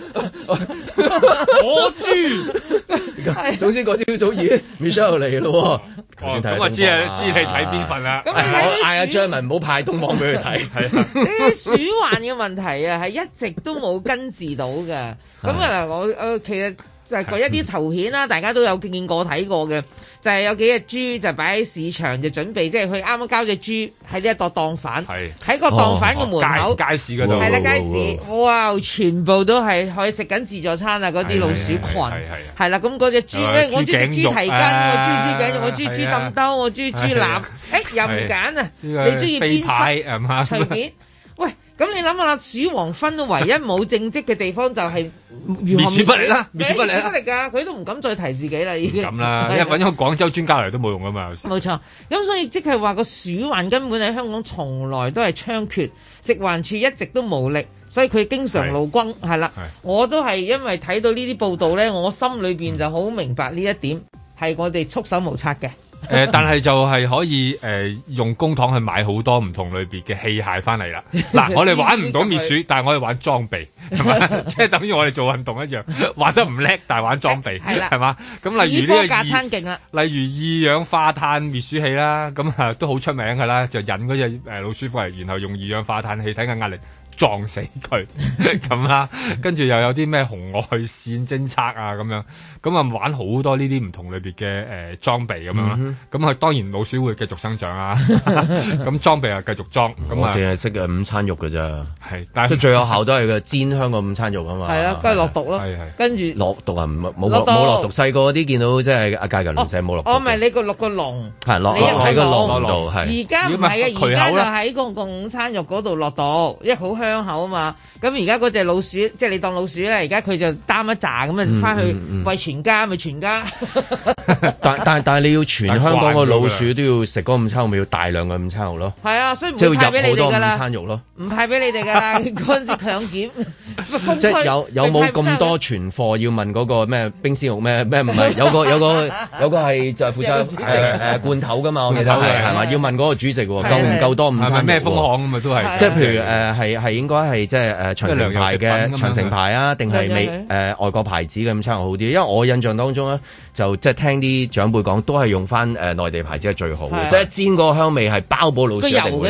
我知。總之嗰朝早已 Michelle 嚟嘅咯，咁我知啊，哦、知，知你睇邊份啦、啊。咁、啊、我嗌阿張文唔好派東方俾佢睇。啲鼠患嘅問題啊，係一直都冇根治到噶。咁嗱， 我誒其實。就係講一啲頭險啦，大家都有見過睇過嘅，就係有幾隻豬就擺喺市場，就準備即係佢啱啱交隻豬喺呢一度檔販，喺個檔販嘅門口，街市嗰度，係啦街市，哇！全部都係可以食緊自助餐啊，嗰啲老鼠群，係啦，咁嗰隻豬咧，我中意食豬蹄筋，我中意豬頸肉，我中意豬燉，我中意豬腩，誒又唔揀啊？你中意邊塊？隨便。咁你諗下啦，鼠王芬唯一冇政績嘅地方就係滅鼠不力啦，滅鼠不力噶，佢都唔敢再提自己啦，已經咁啦，搵個吧廣州專家嚟都冇用噶嘛，冇錯。咁所以即係話個鼠患根本喺香港從來都係猖獗，食環署一直都無力，所以佢經常怒轟係啦。我都係因為睇到呢啲報道咧，我心裏面就好明白呢一點，係我哋束手無策嘅。誒、 呃，但係就係可以誒、呃，用公帑去買好多唔同類別嘅器械翻嚟啦。嗱、 啊，我哋玩唔到滅鼠， 但係我哋玩裝備，係嘛，即係 等於我哋做運動一樣，玩得唔叻，但係玩裝備，係嘛、 欸。咁、嗯、例如呢、這個 例如二氧化碳滅鼠器啦，咁、嗯、啊都好出名噶啦，就引嗰隻誒老鼠過嚟，然後用二氧化碳氣體嘅壓力。撞死佢咁啦，跟住又有啲咩紅外線偵測啊咁樣，咁啊玩好多呢啲唔同類別嘅誒裝備咁啊，咁啊當然老鼠會繼續生長啊，咁裝備又繼續裝。我淨係識誒午餐肉嘅啫，係，但係最有效都係個煎香嘅午餐肉啊嘛。係啊，梗係落毒咯，跟住落毒啊，冇冇落毒，細個嗰啲見到即係阿介仁唔使冇落。我咪你個落個龍，係落落喺個龍嗰度，而家而家就喺個個午餐肉嗰度落毒，因為好香傷口啊嘛，咁而家嗰隻老鼠，即係你當老鼠咧，而家佢就擔一紮咁啊，翻去餵全家，咪全家。但但係但係你要全香港個老鼠都要食嗰午餐，咪要大量個午餐肉咯。係啊，所以唔會派俾你哋㗎啦。即係入好多午餐肉咯。唔派俾你哋㗎啦，嗰陣時強檢。即係有有冇咁多存貨要問嗰個咩冰鮮肉咩咩？唔係有個有個有個係就係負責誒罐頭㗎嘛？我記得係嘛？要問嗰個主席喎，夠唔夠多午餐？咩風向咁啊？都係即係譬如誒係係。應該係即係誒長城牌嘅長城牌啊，定係美誒外國牌子嘅，咁差好啲？因為我印象當中咧。就即係聽啲長輩講，都係用翻誒內地牌子係最好嘅，即係煎嗰個香味係包保老鼠。唔知點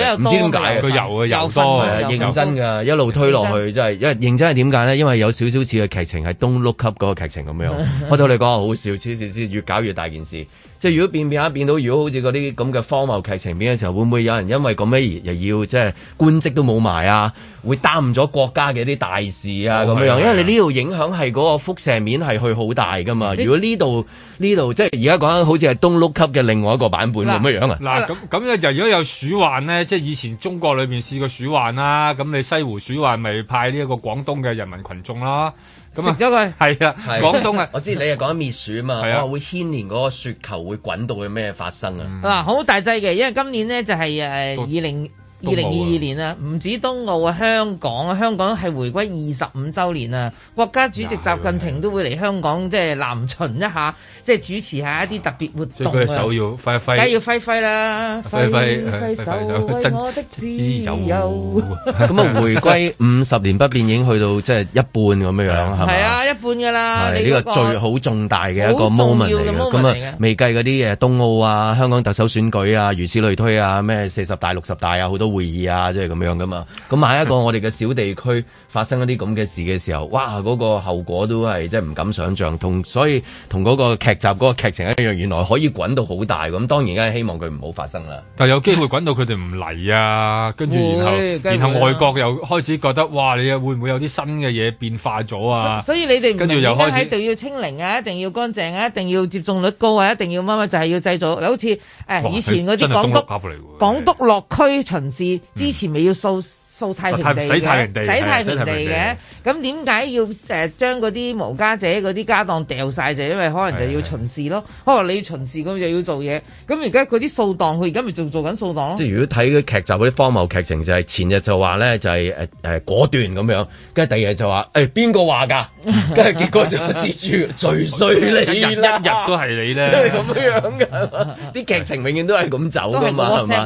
解啊？佢油嘅油多，認真㗎，一路推落去即係，因為認真係點解呢？因為有少少似嘅劇情係 Don't Look Up 嗰個劇情咁樣。我同你講好笑，少少越搞越大件事。即係如果變變下變到如果好似嗰啲咁嘅荒謬劇情變嘅時候，會唔會有人因為咁樣而又要即係官職都冇埋啊？會耽誤咗國家嘅啲大事啊咁樣。因為你呢度影響係嗰個輻射面係去好大㗎嘛。如果呢度呢度即係而家講緊，好似係 Don't Look Up 嘅另外一個版本，咁嘩樣樣啊？嗱，咁咁咧，就如果有鼠患咧，即係以前中國裏面試過鼠患啦，咁你西湖鼠患咪派呢一個廣東嘅人民群眾啦，咁食咗佢？係啊，廣、啊、東啊， 我知你係講滅鼠啊嘛，啊我會牽連嗰個雪球會滾到嘅咩發生啊？嗱，好大劑嘅，因為今年咧就係、是、誒、呃、都二零。二零二二年啊，唔止冬奧啊，香港啊，香港係回歸二十五周年啊，國家主席習近平都會嚟香港，即係南巡一下，即係主持下一啲特別活動啊！手要揮一揮，梗要揮揮啦！揮揮揮手，為我的自由。咁啊，回歸五十年不變已經去到即係一半咁樣樣係啊，一半㗎啦！呢個最好重大嘅一個 moment 嚟嘅，咁啊未計嗰啲誒冬奧啊、香港特首選舉啊、如此類推啊、咩四十大、六十大啊，好多。會議啊，即係咁樣噶嘛，咁下一個，我哋嘅小地區。發生一啲咁嘅事嘅時候，哇！嗰、那個後果都係真係唔敢想像，同所以同嗰個劇集嗰、那個劇情一樣，原來可以滾到好大咁。當然而家係希望佢唔好發生啦。但係有機會滾到佢哋唔嚟啊，跟住 然後然、啊、然後外國又開始覺得哇！你又會唔會有啲新嘅嘢變化咗啊所？所以你哋唔同而家喺度要清零啊，一定要乾淨啊，一定要接種率高啊，一定要乜乜就係要製造，好似誒、呃、以前嗰啲港督港督落區巡視的之前咪要掃太平地，洗太平地，洗太平地嘅。咁點解要誒將嗰啲無家者嗰啲家當掉晒就？因為可能就要巡視咯。可能你巡視咁就要做嘢。咁而家嗰啲掃檔佢而家咪仲做緊掃檔咯。即係如果睇嗰啲劇集嗰啲荒謬劇情，就係前日就話咧就係誒誒果斷咁樣，跟住第二日就話誒邊個話噶，跟住結果就截住，最衰你啦，一日都係你咧咁樣嘅。啲劇情永遠都係咁走㗎嘛，係嘛？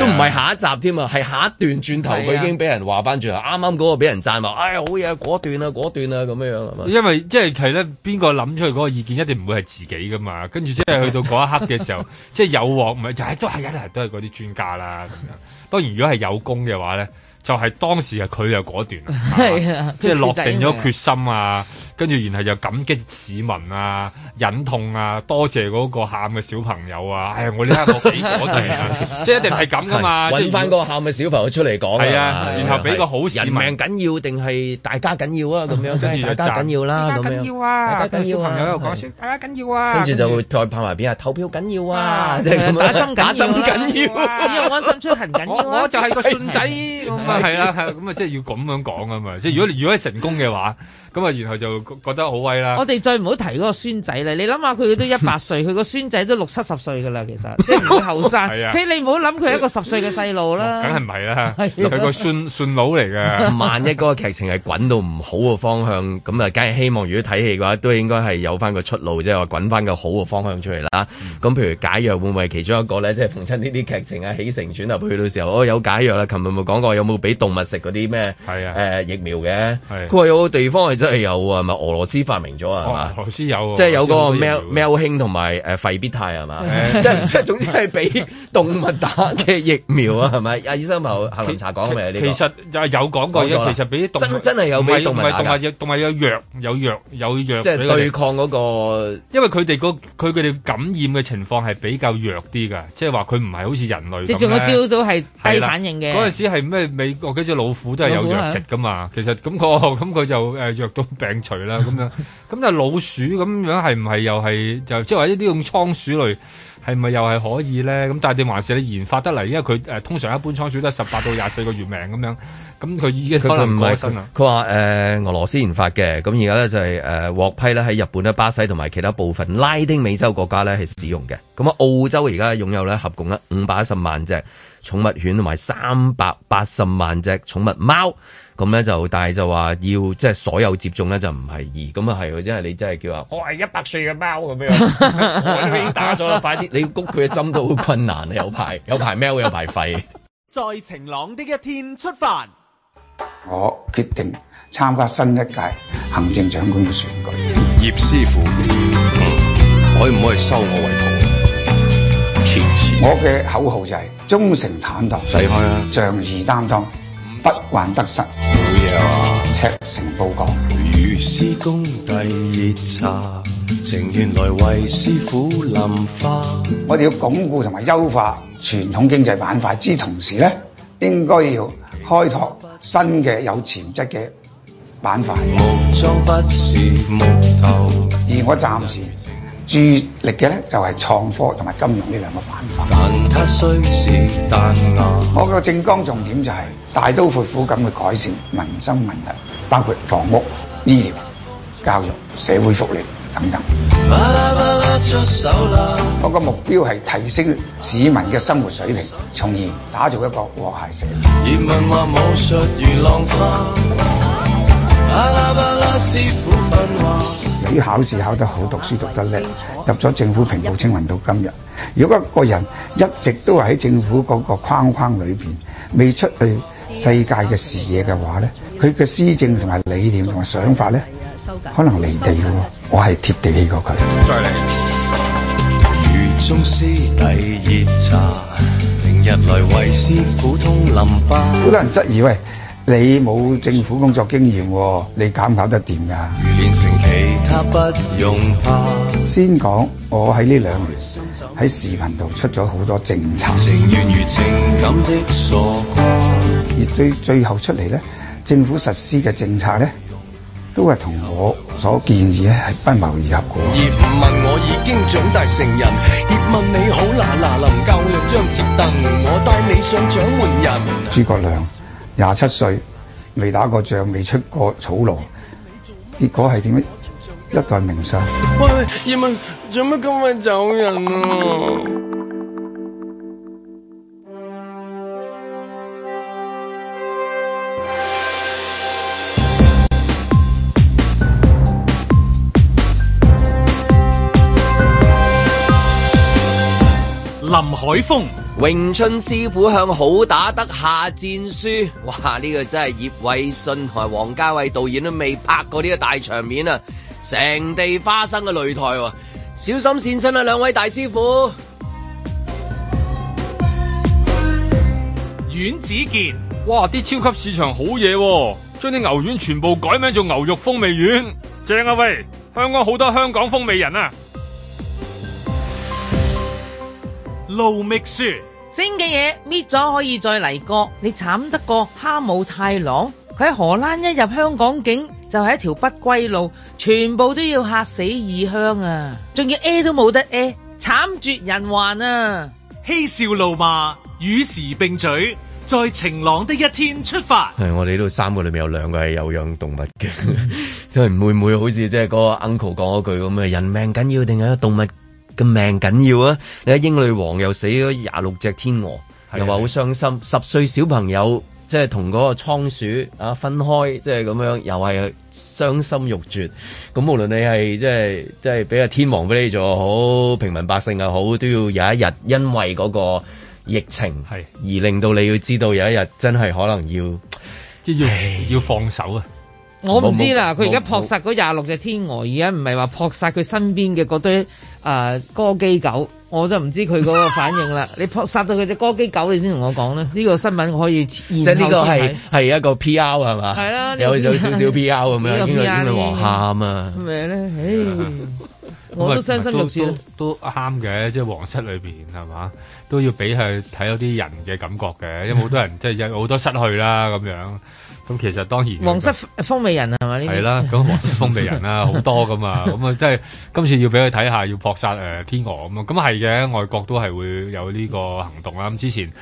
都唔係下一集添啊，係下一段轉頭俾人話翻啱啱嗰個俾人讚話，哎呀好嘢，果斷啊，果斷啊，咁樣樣。因為即係係咧，邊個諗出去嗰個意見一定唔會係自己噶嘛。跟住即係去到嗰一刻嘅時候，即係、 就是、有鑊，唔係，亦都係一嚟都係嗰啲專家啦咁樣。當然，如果係有功嘅話咧，就係、是、當時係佢又果斷，係 啊，即、就、係、是、落定咗決心啊。跟住，然後就感激市民啊，忍痛啊，多謝嗰個喊嘅小朋友啊！哎呀，我呢刻落幾攰啊！即係一定係咁啊嘛，請返個喊嘅小朋友出嚟講。係啊，然後俾個好市民。人命緊要定係大家緊要啊？咁樣，跟住大家緊要啦。大家緊要啊！大家緊要啊！小朋友又講：小，大家緊要啊！跟住就會再拍埋片啊！投票緊要啊！即係打針緊要啊！打針緊要啊！只有安心出行緊要啊！我就係個順仔咁啊！係啦，係啦，咁啊，即係要咁樣講啊嘛！即係如果如果係成功嘅話。咁啊，然後就覺得好威啦！我哋再唔好提嗰個孫仔啦。你諗下，佢 都一百歲，佢個孫仔都六七十歲㗎喇，其實 即係唔後生。佢、 啊、你唔好諗佢係一個十歲嘅細路啦。梗係唔係啦？係佢個孫 佬嚟嘅。萬一嗰個劇情係滾到唔好嘅方向，咁啊，梗係希望如果睇戲嘅話，都應該係有翻個出路，即係話滾翻個好嘅方向出嚟啦。咁、嗯、譬如解藥會唔會係其中一個咧？即係逢親呢啲劇情啊、起承轉啊，去到時候我、哦、有解藥啦。琴日咪講過，有冇俾動物食嗰啲咩？係、啊呃、疫苗嘅。佢話是有個地方誒有啊，咪俄羅斯發明咗啊？俄羅斯有，即係有嗰個喵喵 l 同埋誒肺必泰係嘛？即係即係，總之係俾動物打嘅疫苗啊？係咪？阿醫生頭下午講，咪其實啊有講過，其實俾動物真真係有俾動物嘅。動物動物嘅藥有藥有藥，即係對抗嗰個。因為佢哋個佢哋感染嘅情況係比較弱啲噶，即係話佢唔係好似人類。即仲我朝早係低反應嘅。嗰陣時係咩？美國幾隻老虎都係有藥食噶嘛？其實咁佢就誒都摒除啦咁樣，咁但係老鼠咁樣係唔係又係就即係話呢啲咁倉鼠類係咪又係可以咧？咁但係你還是你研發得嚟，因為佢誒通常一般倉鼠都係十八到廿四個月命咁樣。咁佢已經可能唔開心啦，佢話誒，俄羅斯研發嘅，咁而家咧就係、是、誒、呃、獲批咧喺日本咧、巴西同埋其他部分拉丁美洲國家咧係使用嘅。咁啊，澳洲而家擁有咧合共一五百一十萬隻寵物犬同埋三百八十萬隻寵物貓。咁咧就但係就話要即係所有接種咧就唔係易。咁啊係，真係你真係叫話我係一百歲嘅貓咁樣， 我已經打咗啦， 快啲！你要谷佢嘅針都好困難啊，有排有排貓有排肺。 在晴朗的一,一天出發。我決定參加新一屆行政長官嘅選舉。葉師傅，可唔可以收我為徒？我嘅口號就係忠誠坦蕩，使開啦，仗義擔當，不患得失。冇嘢啊嘛。赤誠報國，如施工第二茶，情願來為師傅淋花。我哋要鞏固同埋優化傳統經濟板塊，之同時咧，應該要開拓。新嘅有潛質嘅板塊，而我暫時注意力嘅就係創科同埋金融呢兩個板塊。我個政綱重點就係大刀闊斧咁去改善民生問題，包括房屋、醫療、教育、社會福利。等等，我個目標係提升市民嘅生活水平，從而打造一個和諧社會。由於考試考得好，讀書讀得叻，入咗政府平步青雲到今日。如果一個人一直都係喺政府嗰個框框裏邊，未出去世界嘅視野嘅話咧，佢嘅施政同埋理念同埋想法咧。可能離地喎，啊、我係貼地起過佢。好來多人質疑：喂，你冇政府工作經驗，啊，你敢唔搞得掂㗎？先講，我喺呢兩年喺視頻度出咗好多政策，情如情感的而最最後出嚟咧，政府實施嘅政策咧。都係同我所建議咧係不謀而合嘅。葉問，我已經長大成人。葉問你好啦，嗱嗱臨教你張節凳，我帶你上掌門人。諸葛亮廿七歲，未打過仗，未出過草廬，結果係點樣？一代名相。喂，葉問，做乜咁快走人啊？海風，詠春師傅向好打得下戰書。哇！呢個真係葉偉信同埋王家衛導演都未拍過呢個大場面啊，成地花生嘅擂台，小心閃身啊兩位大師傅。丸子健，哇！啲超級市場好嘢，將啲牛丸全部改名做牛肉風味丸，正啊喂！香港好多香港風味人啊！盧覓雪，星嘅嘢搣咗可以再嚟過，你慘得過哈姆太郎，佢喺荷蘭一入香港境就係、是、一條不歸路，全部都要吓死異鄉啊！仲要 A 都冇得 A，慘絕人寰啊！嬉笑怒罵與時並舉，在晴朗的一天出發。係我哋呢度三個裏面有兩個係有養動物嘅，因為唔會唔會好似即係嗰個 uncle 講嗰句咁嘅：「人命緊要定係動物？個命緊要啊！你睇英女王又死咗廿六隻天鵝，的又話好傷心。十歲的小朋友即係同嗰個倉鼠啊分開，即係咁樣又係傷心欲絕。咁無論你係即係即係俾阿天王俾你做好，平民百姓又好，都要有一日因為嗰個疫情，係的而令到你要知道有一日真係可能要即的要唉要放手啊我我！我唔知啦，佢而家撲殺嗰廿六隻天鵝，而家唔係話撲殺佢身邊嘅嗰堆。啊，哥基狗，我就唔知佢嗰個反應啦。你撲殺到佢隻哥基狗，你先同我講啦。呢個新聞可以，即係呢個係係一個 P R 係嘛？係啦，有有少少 P R 咁樣，驚佢驚佢喊啊！咩咧？唉，我都傷心欲絕都啱嘅，即係皇室裏邊係嘛，都要俾佢睇嗰啲人嘅感覺嘅，因為好多人即係有好多失去啦咁樣。咁其實當然，皇室風味人啊，係咪呢？係啦，咁皇室風味人啦，好多㗎嘛，咁啊，即係今次要俾佢睇下，要撲殺、呃、天鵝咁啊，咁係嘅，外國都係會有呢個行動啦。咁之前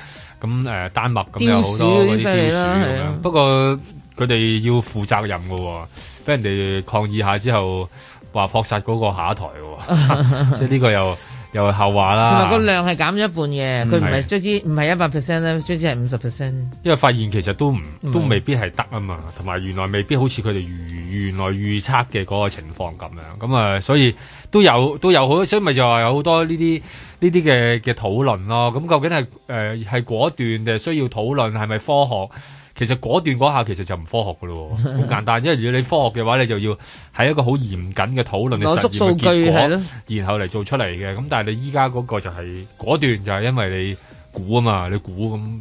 咁誒、呃、丹麥咁有好多嗰啲貂鼠，咁不過佢哋要負責任㗎喎，俾人哋抗議下之後，話撲殺嗰個下一台喎，即係呢個又。又係後話啦，同埋個量係減咗一半嘅，佢唔係總之唔係一百 percent 咧，總之係五十 percent。因為發現其實都唔都未必係得啊嘛，同埋原來未必好似佢哋預原來預測嘅嗰個情況咁樣，咁啊，所以都有都有好多，所以咪就話有好多呢啲呢啲嘅嘅討論咯。咁究竟係誒係果斷定係需要討論，係咪科學？其實嗰段嗰下其實就唔科學噶咯，好簡單，因為如果你科學嘅話，你就要喺一個好嚴謹嘅討論，你實驗數據結果，然後嚟做出嚟嘅。咁但係你依家嗰個就係嗰段，段就係因為你估啊嘛，你估咁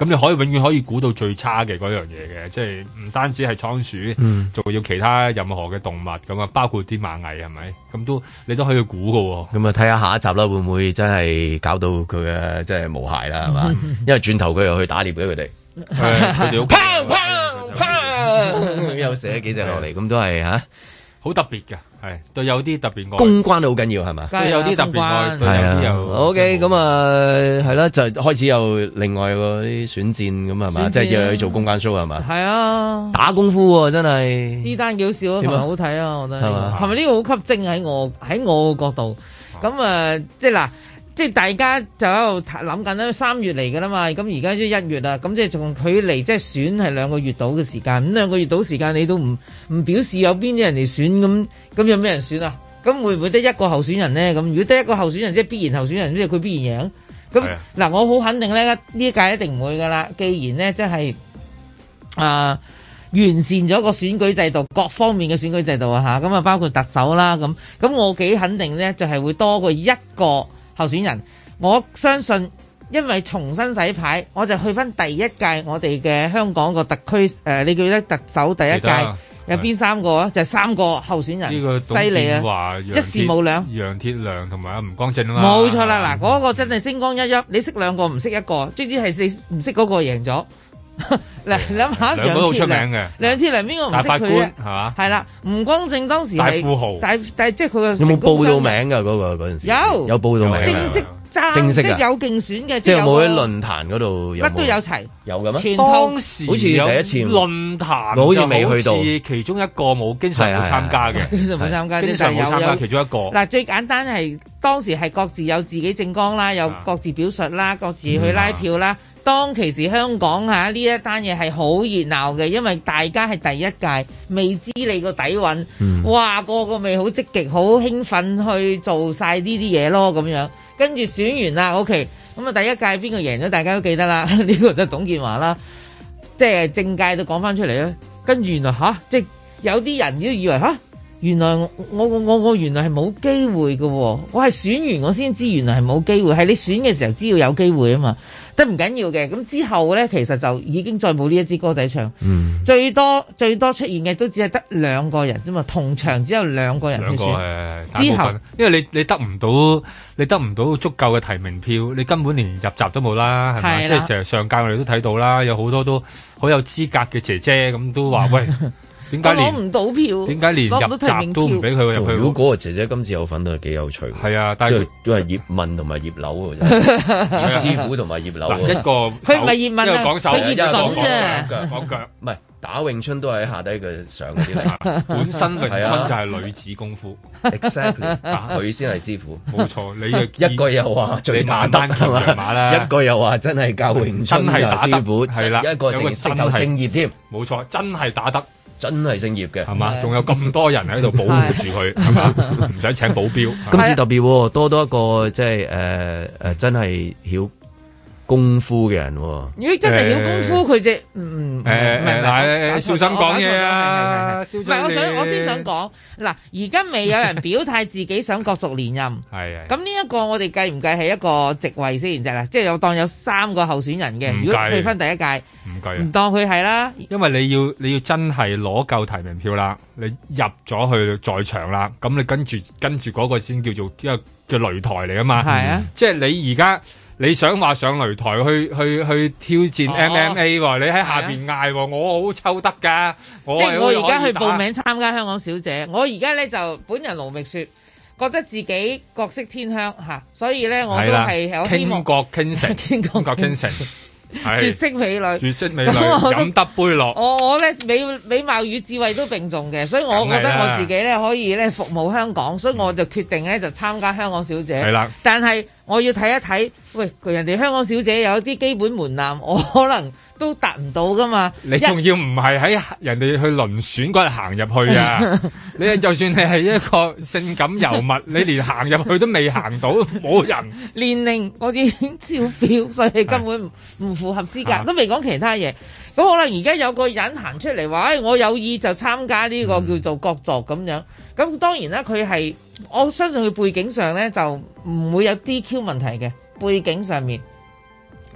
咁，你可以永遠可以估到最差嘅嗰樣嘢嘅，即係唔單止係倉鼠，仲要其他任何嘅動物咁啊，嗯、包括啲螞蟻係咪？咁都你都可以估噶。咁啊，睇下下一集啦，會唔會真係搞到佢嘅即係無害啦？係嘛， 因為轉頭佢又去打獵俾佢哋。佢哋好勁，又寫幾隻落嚟，咁都係吓，好特別嘅，係都有啲特別愛。公關好緊要係嘛？都有啲特別愛，都有。O K，咁啊，係啦，就開始有另外嗰啲選戰咁係嘛，即係要去做公關 show 係嘛。係啊，打功夫喎，真係。呢單幾好笑啊，同埋好睇啊，我覺得。係咪呢個好吸睛喺我喺我個角度？咁啊，即係嗱。即係大家就喺度諗緊啦，三月嚟噶啦嘛，咁而家即係一月啦，咁即係仲距離即係選係兩個月到嘅時間，咁兩個月到時間你都唔唔表示有邊啲人嚟選咁，咁有咩人選啊？咁會唔會得一個候選人呢？咁如果得一個候選人，即係必然候選人，即係佢必然贏。咁嗱、啊，我好肯定咧，呢一屆一定唔會噶啦。既然呢，即係啊完善咗個選舉制度，各方面嘅選舉制度啊吓，咁啊包括特首啦咁，咁、啊、我幾肯定呢，就係會多過一個。候選人，我相信，因為重新洗牌，我就去翻第一屆我哋嘅香港個特區，誒、呃，你記得特首第一屆的有邊三個啊？是的就係三個候選人。呢個犀利啊！鐵一時冇兩，楊鐵樑同埋阿吳光正啦。冇錯啦，嗱、嗯，嗰個真係星光熠熠，你識兩個唔識一個，總之係你唔識嗰個贏咗。嗱，諗下楊鐵樑邊個唔識佢啊？係嘛？係啦，吳光正當時係大富豪，大大即係佢嘅。有冇報到名噶嗰個嗰陣時？有有報到名啊！正式爭，正式有競選嘅。即係冇喺論壇嗰度有冇？都有齊有噶，當時有論壇，好似未去到，其中一個冇經常參加嘅，經常冇參加，經常冇參加其中一個。嗱，最簡單係當時係各自有自己政綱啦，有各自表述啦，各自去拉票啦。當其時香港嚇呢、啊、一單嘢係好熱鬧嘅，因為大家係第一屆，未知你個底蘊，嗯、哇個個咪好積極、好興奮去做晒呢啲嘢咯咁樣。跟住選完啦，O K，咁啊第一屆邊個贏咗，大家都記得啦，呢 個就係董建華啦，即係政界都講翻出嚟啦。跟住原來吓，即係有啲人都以為吓。啊原來我我我我原來係冇機會嘅喎，哦，我係選完我先知原來係冇機會，係你選嘅時候知道有機會啊嘛，得，唔緊要嘅。咁之後咧，其實就已經再冇呢一支歌仔唱，嗯、最多最多出現嘅都只係得兩個人之嘛，同場只有兩個人唱。個之後，因為你你得唔到你得唔到足夠嘅提名票，你根本連入閘都冇啦，係咪？是的 即係成日上屆我哋都睇到啦，有好多都好有資格嘅姐姐咁都話喂。 點解攞唔到票？點解連入閘都唔俾佢入去？仲要個姐姐今次有份都係幾有趣。係啊，但係都係葉問同埋葉柳啊，葉師傅同埋葉柳一個。佢唔係葉問啊，佢葉準啊。放腳放腳，唔係打詠春都係喺下底嘅相片嚟。本身詠春就係女子功夫，exactly，佢先係師傅。冇錯，你一個又話最簡單嘅樣馬啦，一個又話真係教詠春嘅師傅係啦，一個就姓葉添。冇錯，真係打得。真係正業嘅，係嘛？仲有咁多人喺度保護住佢，係嘛？唔使請保鏢，今次特別多多一個，即係誒誒，真係曉。功夫嘅人，如果真係曉功夫佢啫，嗯，誒，唔係唔係，小心講嘢啊，唔係，我想我先想講嗱，而家未有人表態自己想角逐連任，係啊，咁呢一個我哋計唔計係一個席位先嚟啫啦，即係我當有三個候選人嘅，如果佢分第一屆，唔計，唔當佢係啦，因為你要你要真係攞夠提名票啦，你入咗去在場啦，咁你跟住跟住嗰個先叫做一個嘅擂台嚟啊嘛，係啊，即係你而家。你想話上擂台去去去挑戰 MMA 喎、哦？你喺下面嗌喎、啊？我好抽得㗎！即係我而家去報名參加香港小姐。我而家咧就本人盧覓雪，覺得自己國色天香吓、啊、所以咧我都係有、啊、希望傾國傾城，傾國傾城，絕色美女，絕色美女，飲得杯落。我我咧美美貌與智慧都並重嘅，所以我覺得我自己咧可以咧服務香港，所以我就決定咧就參加香港小姐。係啦、啊，但係。我要睇一睇，喂，人哋香港小姐有啲基本門檻，我可能都達唔到噶嘛。你仲要唔係喺人哋去輪選嗰日行入去啊？ 你就算你係一個性感尤物， 你連行入去都未行到，冇人。年齡，我已經超標，所以根本唔符合資格，都未講其他嘢。咁可能而家有個人行出嚟話，誒、哎，我有意就參加呢個叫做角逐咁樣，咁當然啦，佢係。我相信佢背景上呢，就唔會有 DQ 問題嘅背景上面。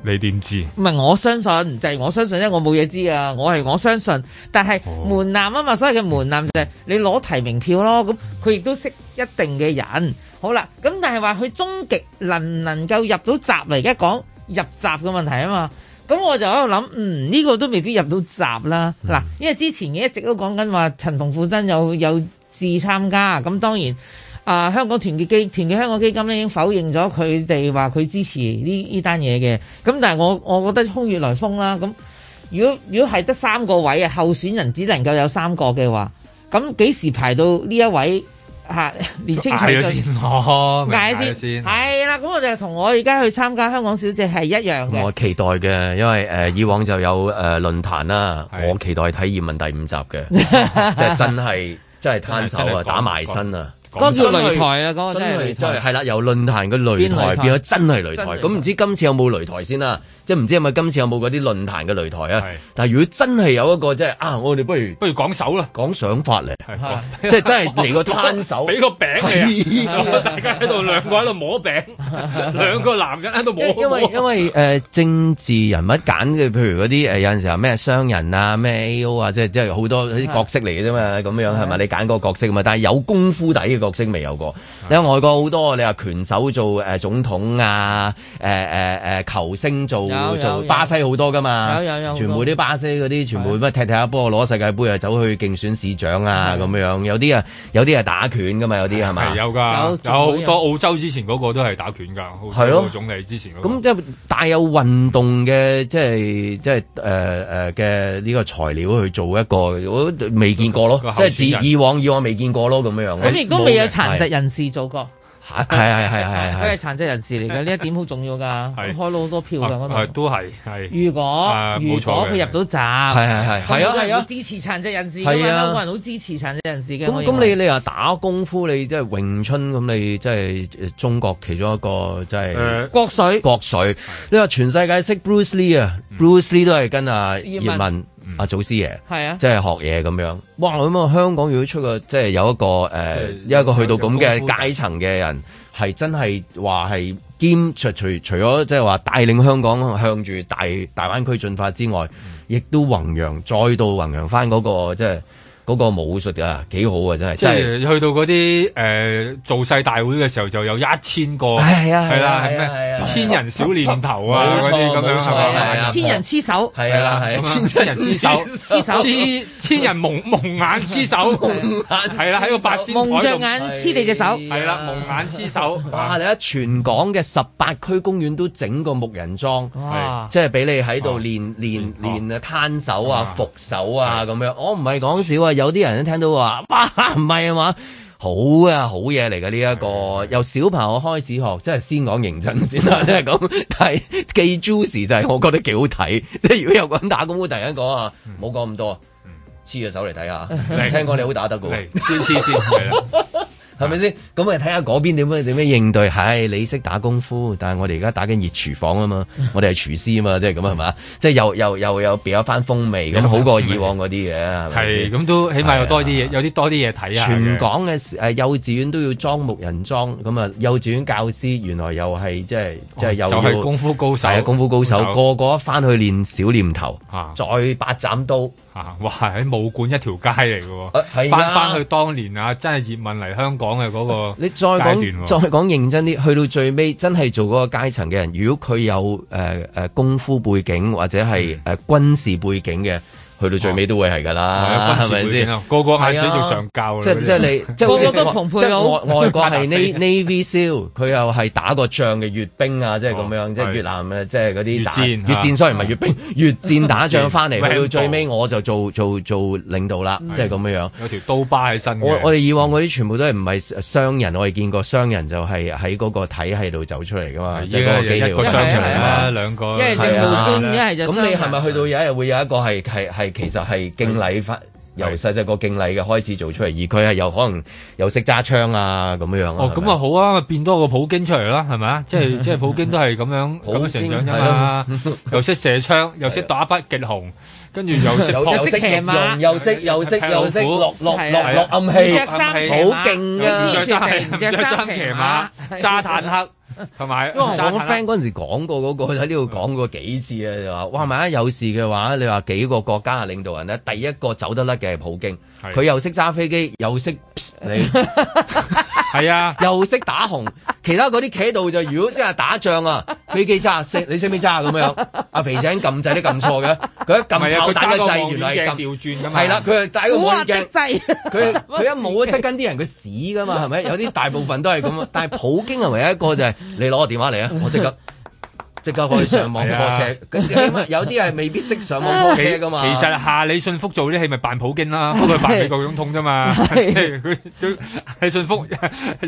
你點知？唔係我相信，就係、是、我相信，因為我冇嘢知啊，我係我，我相信。但係門檻啊嘛，oh. 所謂嘅門檻就係你攞提名票咯。咁佢亦都識一定嘅人。好啦，咁但係話佢終極能唔能夠入到閘嚟，而家講入閘嘅問題啊嘛。咁我就喺度諗，嗯呢、這個都未必入到閘啦。嗱，mm. 因為之前一直都講緊話陳同富真有有自參加，咁當然。啊！香港團結基團結香港基金咧，已經否認咗佢哋話佢支持呢呢單嘢嘅。咁但係我我覺得空穴來風啦。咁如果如果係得三個位啊，候選人只能夠有三個嘅話，咁幾時排到呢一位年青才俊？排、啊、咗先呵，捱先。係啦，咁我就同我而家去參加香港小姐係一樣嘅。我期待嘅，因為誒、呃、以往就有誒、呃、論壇啦，的我期待睇葉問第五集嘅， 即係真係真係攤手啊，打埋身啊！說嗰這個叫擂台啊，嗰去個真係擂台。係啦，由論壇嘅擂台變咗真係擂台，咁唔知今次有冇擂台先啦、啊？都唔知係咪今次有冇嗰啲論壇嘅擂台啊？但係如果真係有一個即係啊，我哋不如不如講手啦，講想法嚟，即係真係嚟個攤手，俾個餅，大家喺度兩個喺度摸餅，兩個男人喺度摸。因為因為誒政治人物揀嘅，譬如嗰啲誒有陣時候咩商人啊，咩 AO 啊，即係即係好多啲角色嚟嘅啫嘛，咁樣係咪？你揀個角色嘛？但係有功夫底嘅角色未有過？你外國好多，你話拳手做誒總統啊，誒誒誒球星做。巴西好多噶嘛，有有，有全部啲巴西嗰啲，全部乜踢踢下波攞世界盃啊走去競選市長啊咁的樣。有啲啊，有啲係打拳噶嘛，有啲係嘛？有㗎，有好多，有有澳洲之前嗰個都係打拳㗎，係咯，總理之前，那個。咁即係帶有運動嘅，即係即係誒誒嘅呢個材料去做一個，我未見過咯，即係以以往以往未見過咯咁樣樣。咁如果未有殘疾人士做過。的嚇係係係係係，都係殘疾人士嚟嘅，呢一點好重要㗎。開到好多票㗎，我都係都係係。如果如果佢入到集，係係係係啊係啊，支持殘疾人士。係啊，香港人好支持殘疾人士嘅。咁咁你你話打功夫，你即係詠春咁，你即係中國其中一個即係國粹。國粹，你話全世界識 Bruce Lee 啊，Bruce Lee 都係跟阿葉問。阿祖師爺，啊、嗯，即係學嘢咁樣。哇！咁啊，香港如果出個即係有一個誒一個去到咁嘅階層嘅人，係、嗯、真係話係兼除除除咗即係話帶領香港向住大大灣區進發之外，亦、嗯、都弘揚，再度弘揚翻嗰個即係。嗰個武術啊，幾好啊！真係，即係去到嗰啲誒造勢大會嘅時候，就有一千個係啊，係啦，係咩？千人小念頭啊，嗰啲咁樣啊，千人黐手係啊，係千人黐手黐手，千人蒙蒙眼黐手係啦，喺個八仙蒙着眼黐你隻手係啦，蒙眼黐手啊！你睇全港嘅十八區公園都整個木人樁，係即係俾你喺度練練練啊攤手啊、伏手啊咁樣，我唔係講笑啊！有啲人都聽到話，哇，唔係啊嘛，好啊，好嘢嚟噶，呢一個的由小朋友開始學，真係先講認真先啦、啊，真係咁，但係記住就係我覺得幾好睇，即係如果有個人打功夫，突然間講啊，唔好講咁多，黐咗、嗯、手嚟睇下，聽講你好打得過，美先黐先。 係咪先？咁啊，睇下嗰邊點樣點樣應對。係，你識打功夫，但係我哋而家打緊熱廚房啊嘛，我哋係廚師啊嘛，就係、 即係咁係嘛？即係又又又又別有一番風味咁，好過以往嗰啲嘢。係。咁都起碼又多啲嘢，有啲多啲嘢睇啊！啊全港嘅誒幼稚園都要裝木人裝咁啊！幼稚園教師原來又係即係即係又、哦就係、功夫高手，功夫高手，高手個個返翻去練小念頭，啊、再八斬刀。啊！哇、啊，喺武館一條街嚟喎，翻翻去當年啊，真係葉問嚟香港嘅嗰個。你再講，再講認真啲，去到最尾真係做嗰個階層嘅人，如果佢有誒誒、呃呃、功夫背景或者係誒、呃、軍事背景嘅。去到最尾都會係㗎啦，係咪先？個個眼仔仲上交咧。即即你個個都膨脹佬。外國係 navy seal，佢又係打過仗嘅越兵啊，即係咁樣，即係越南啊，即係嗰啲越戰。越戰雖然唔係越兵，越戰打仗翻嚟。去到最尾，我就做做做領導啦，即係咁樣。有條刀疤喺身。我哋以往嗰啲全部都係唔係商人，我哋見過商人就係喺嗰個體系度走出嚟噶嘛，即係嗰個機票。商人嚟啦，兩個。一係就募捐，一係就商。咁你係咪去到有一日會有一個係係係？其實係敬禮，由細細個敬禮嘅開始做出嚟，而佢係又可能又識揸槍啊咁樣樣。哦，咁啊好啊，變多個普京出嚟啦，係咪啊？即係即係普京都係咁樣咁樣成長啫啦，又識射槍，又識打北極熊，跟住又識騎馬，又識又識又識落落落暗器，暗器好勁噶，唔着衫，唔着衫騎馬揸坦克。同埋，因為我 friend 嗰陣時講過嗰、嗰個，喺呢度講過幾次啊，就話哇，萬一有事嘅話，你話幾個國家嘅領導人咧，第一個走得甩嘅係普京，佢的又識揸飛機，又識你。 係啊，又識打紅，其他嗰啲企喺度就如果即係打仗啊，飛機揸，識你識唔識揸咁樣？阿肥仔撳掣都撳錯嘅，佢一撳，佢、啊、打個掣，原來係調轉咁。係啦， 佢係打個望遠鏡掣，佢佢一冇，即跟啲人佢屎噶嘛，係咪？有啲大部分都係咁啊。 但係普京係唯一一個就係、是，你攞個電話嚟啊，我即刻。 即刻可以上網駛車，跟住是、啊、有啲係未必識上網駛車噶嘛。 其實夏里信福做啲戲咪扮普京啦，是的 可不過扮美國總統啫嘛。是的 即係佢佢信福，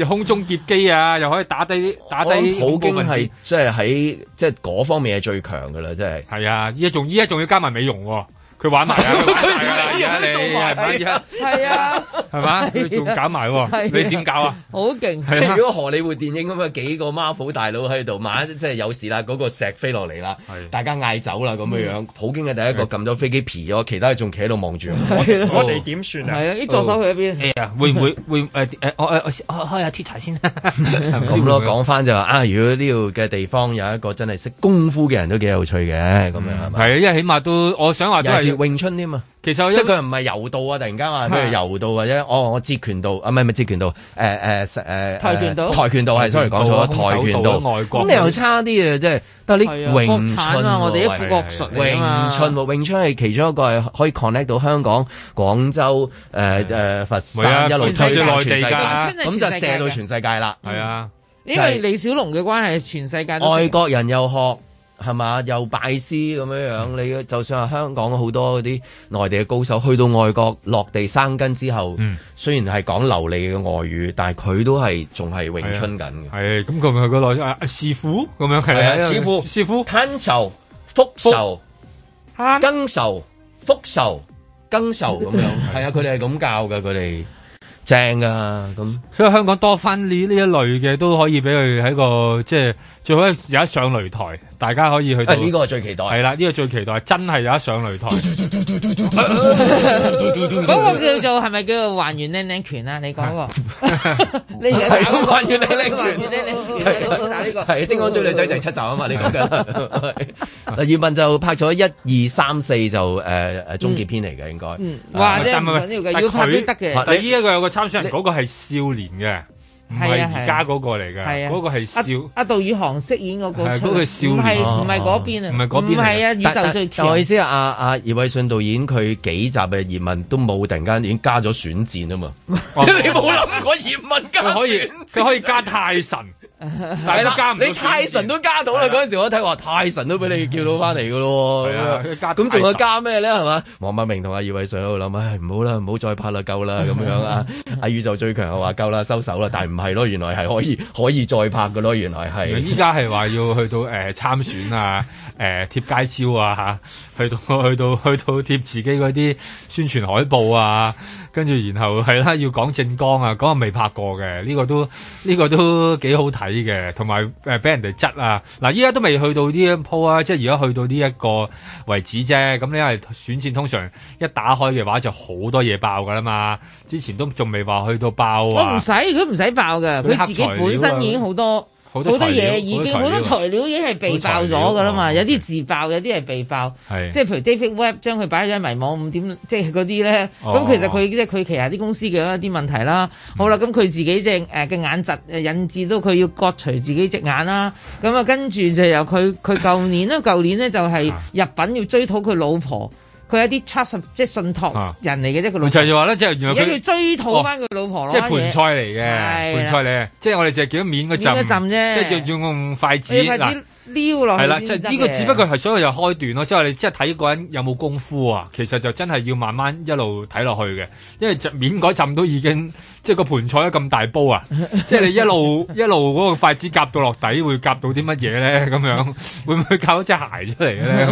空中劫機啊，又可以打低 打低。我打低普京係即係喺即係嗰方面係最強噶啦，真係。係啊，依家仲依家仲要加埋美容喎、哦。佢玩埋啊！係啊，你係啊，係啊，係嘛？佢仲搞埋喎，你點搞啊？好勁！如果荷里活電影咁啊，幾個 Marvel 大佬喺度，萬一即係有事啦，嗰個石飛落嚟啦，大家嗌走啦咁樣樣。普京係第一個撳咗飛機皮咗，其他仲企喺度望住。我哋點算啊？係啊！啲助手去邊？會唔會會誒誒？我我開下 Twitter 先。咁咯，講翻就啊，如果呢度嘅地方有一個真係識功夫嘅人都幾有趣嘅，咁樣係嘛？係啊，因為起碼都我想話都係，詠春添嘛，其實即係佢唔係柔道啊，突然間話咩柔道或者哦，我截拳道啊，唔係唔係截拳道，誒誒誒，跆拳道，跆拳道係 sorry 講錯咗，跆拳道。咁你又差啲啊，即係，但係你詠春啊，我哋一個國術嚟啊嘛，詠春喎，詠春係其中一個係可以 connect 到香港、廣州、誒誒佛山一路推到全世界，咁就射到全世界啦。係啊，因為李小龍嘅關係，全世界都外國人又學。係嘛？又拜師咁樣樣，你就算係香港好多嗰啲內地嘅高手，去到外國落地生根之後，嗯、雖然係講流利嘅外語，但係佢都係仲係詠春緊嘅。係、啊，咁佢咪個內師傅咁樣係師傅，師傅，攤手、伏手、耕手、伏手、耕手咁樣。係啊，佢哋係咁教嘅，佢哋正噶、啊、咁。所以香港多翻呢呢一類嘅都可以俾佢喺個即係最好而家上擂台。大家可以去到，係呢個最期待，係啦，呢個最期待，真係有一上擂台。嗰個叫做係咪叫做還原靚靚拳啊？你講個，係咁還原靚靚拳，靚靚，係打呢個係《精裝追女仔》第七集啊嘛？你講緊。葉問就拍咗一二三四就誒誒終結篇嚟嘅應該。哇！即係要拍都得嘅。第呢一個有個參選人，嗰個係少年嘅。唔係而家嗰個嚟㗎，嗰、啊啊、個係笑，阿杜宇航飾演嗰個，唔係唔係嗰邊啊，唔係嗰邊啊，宇宙最強、啊啊、唔好意思啊！阿、啊、阿葉偉信導演佢幾集嘅葉問都冇突然間已經加咗選戰啊嘛，即係、啊、 你冇諗過葉問 可以，佢可以加泰臣。大家 都加唔到。你泰神都加到啦，嗰陣的時候我睇話泰神都俾你叫到翻嚟噶咯。咁仲有加咩咧？係嘛，黃百鳴同阿葉偉信喺度諗，唉、哎，唔好啦，唔好再拍啦，夠啦，咁樣啊。 阿宇宙最強又話夠啦，收手啦。但係唔係咯，原來係可以可以再拍噶咯。原來係，依家係話要去到誒參、呃、選啊。 誒、呃、貼街招啊，去到去到去到貼自己嗰啲宣傳海報啊，跟住然後係啦、啊，要講正光啊，嗰個未拍過嘅，呢、這個都呢、這個都幾好睇嘅，同埋誒俾人哋質啊，嗱依家都未去到呢一啊，即係而家去到呢一個位置啫，咁你係選戰通常一打開嘅話就好多嘢爆噶啦嘛，之前都仲未話去到爆啊，我唔使佢唔使爆嘅，佢、啊、自己本身已經好多。好多嘢，多已經好多，多材料已經係被爆咗噶啦嘛，有啲自爆，啊、有啲係被爆，的即係譬如 David Webb 將佢擺咗迷網五點，即係嗰啲咧。咁的其實佢即係佢旗下啲公司嘅一啲問題啦。好啦，咁佢、嗯、自己即嘅、呃、眼疾誒引致到佢要割除自己隻眼啦。咁啊，跟住就由佢佢舊年啦，舊 年咧就係入稟要追討佢老婆。佢一啲 trust 即係信託人嚟嘅，啫、啊。佢老陳就話咧，即係原來佢追討翻佢老婆，即係盆菜嚟嘅，盆菜嚟，嘅、哦，即係我哋淨係見到面嗰浸，即係用用筷子，子啊、子撩落去行行。啦，即係呢個只不過係所有就開段咯，我即係你即係睇個人有冇功夫啊，其實就真係要慢慢一路睇落去嘅，因為就面嗰浸都已經。即係個盤菜咁大煲啊！即係你一路一路嗰個筷子夾到落底，會夾到啲乜嘢咧？咁樣會唔會夾到隻鞋出嚟嘅咧？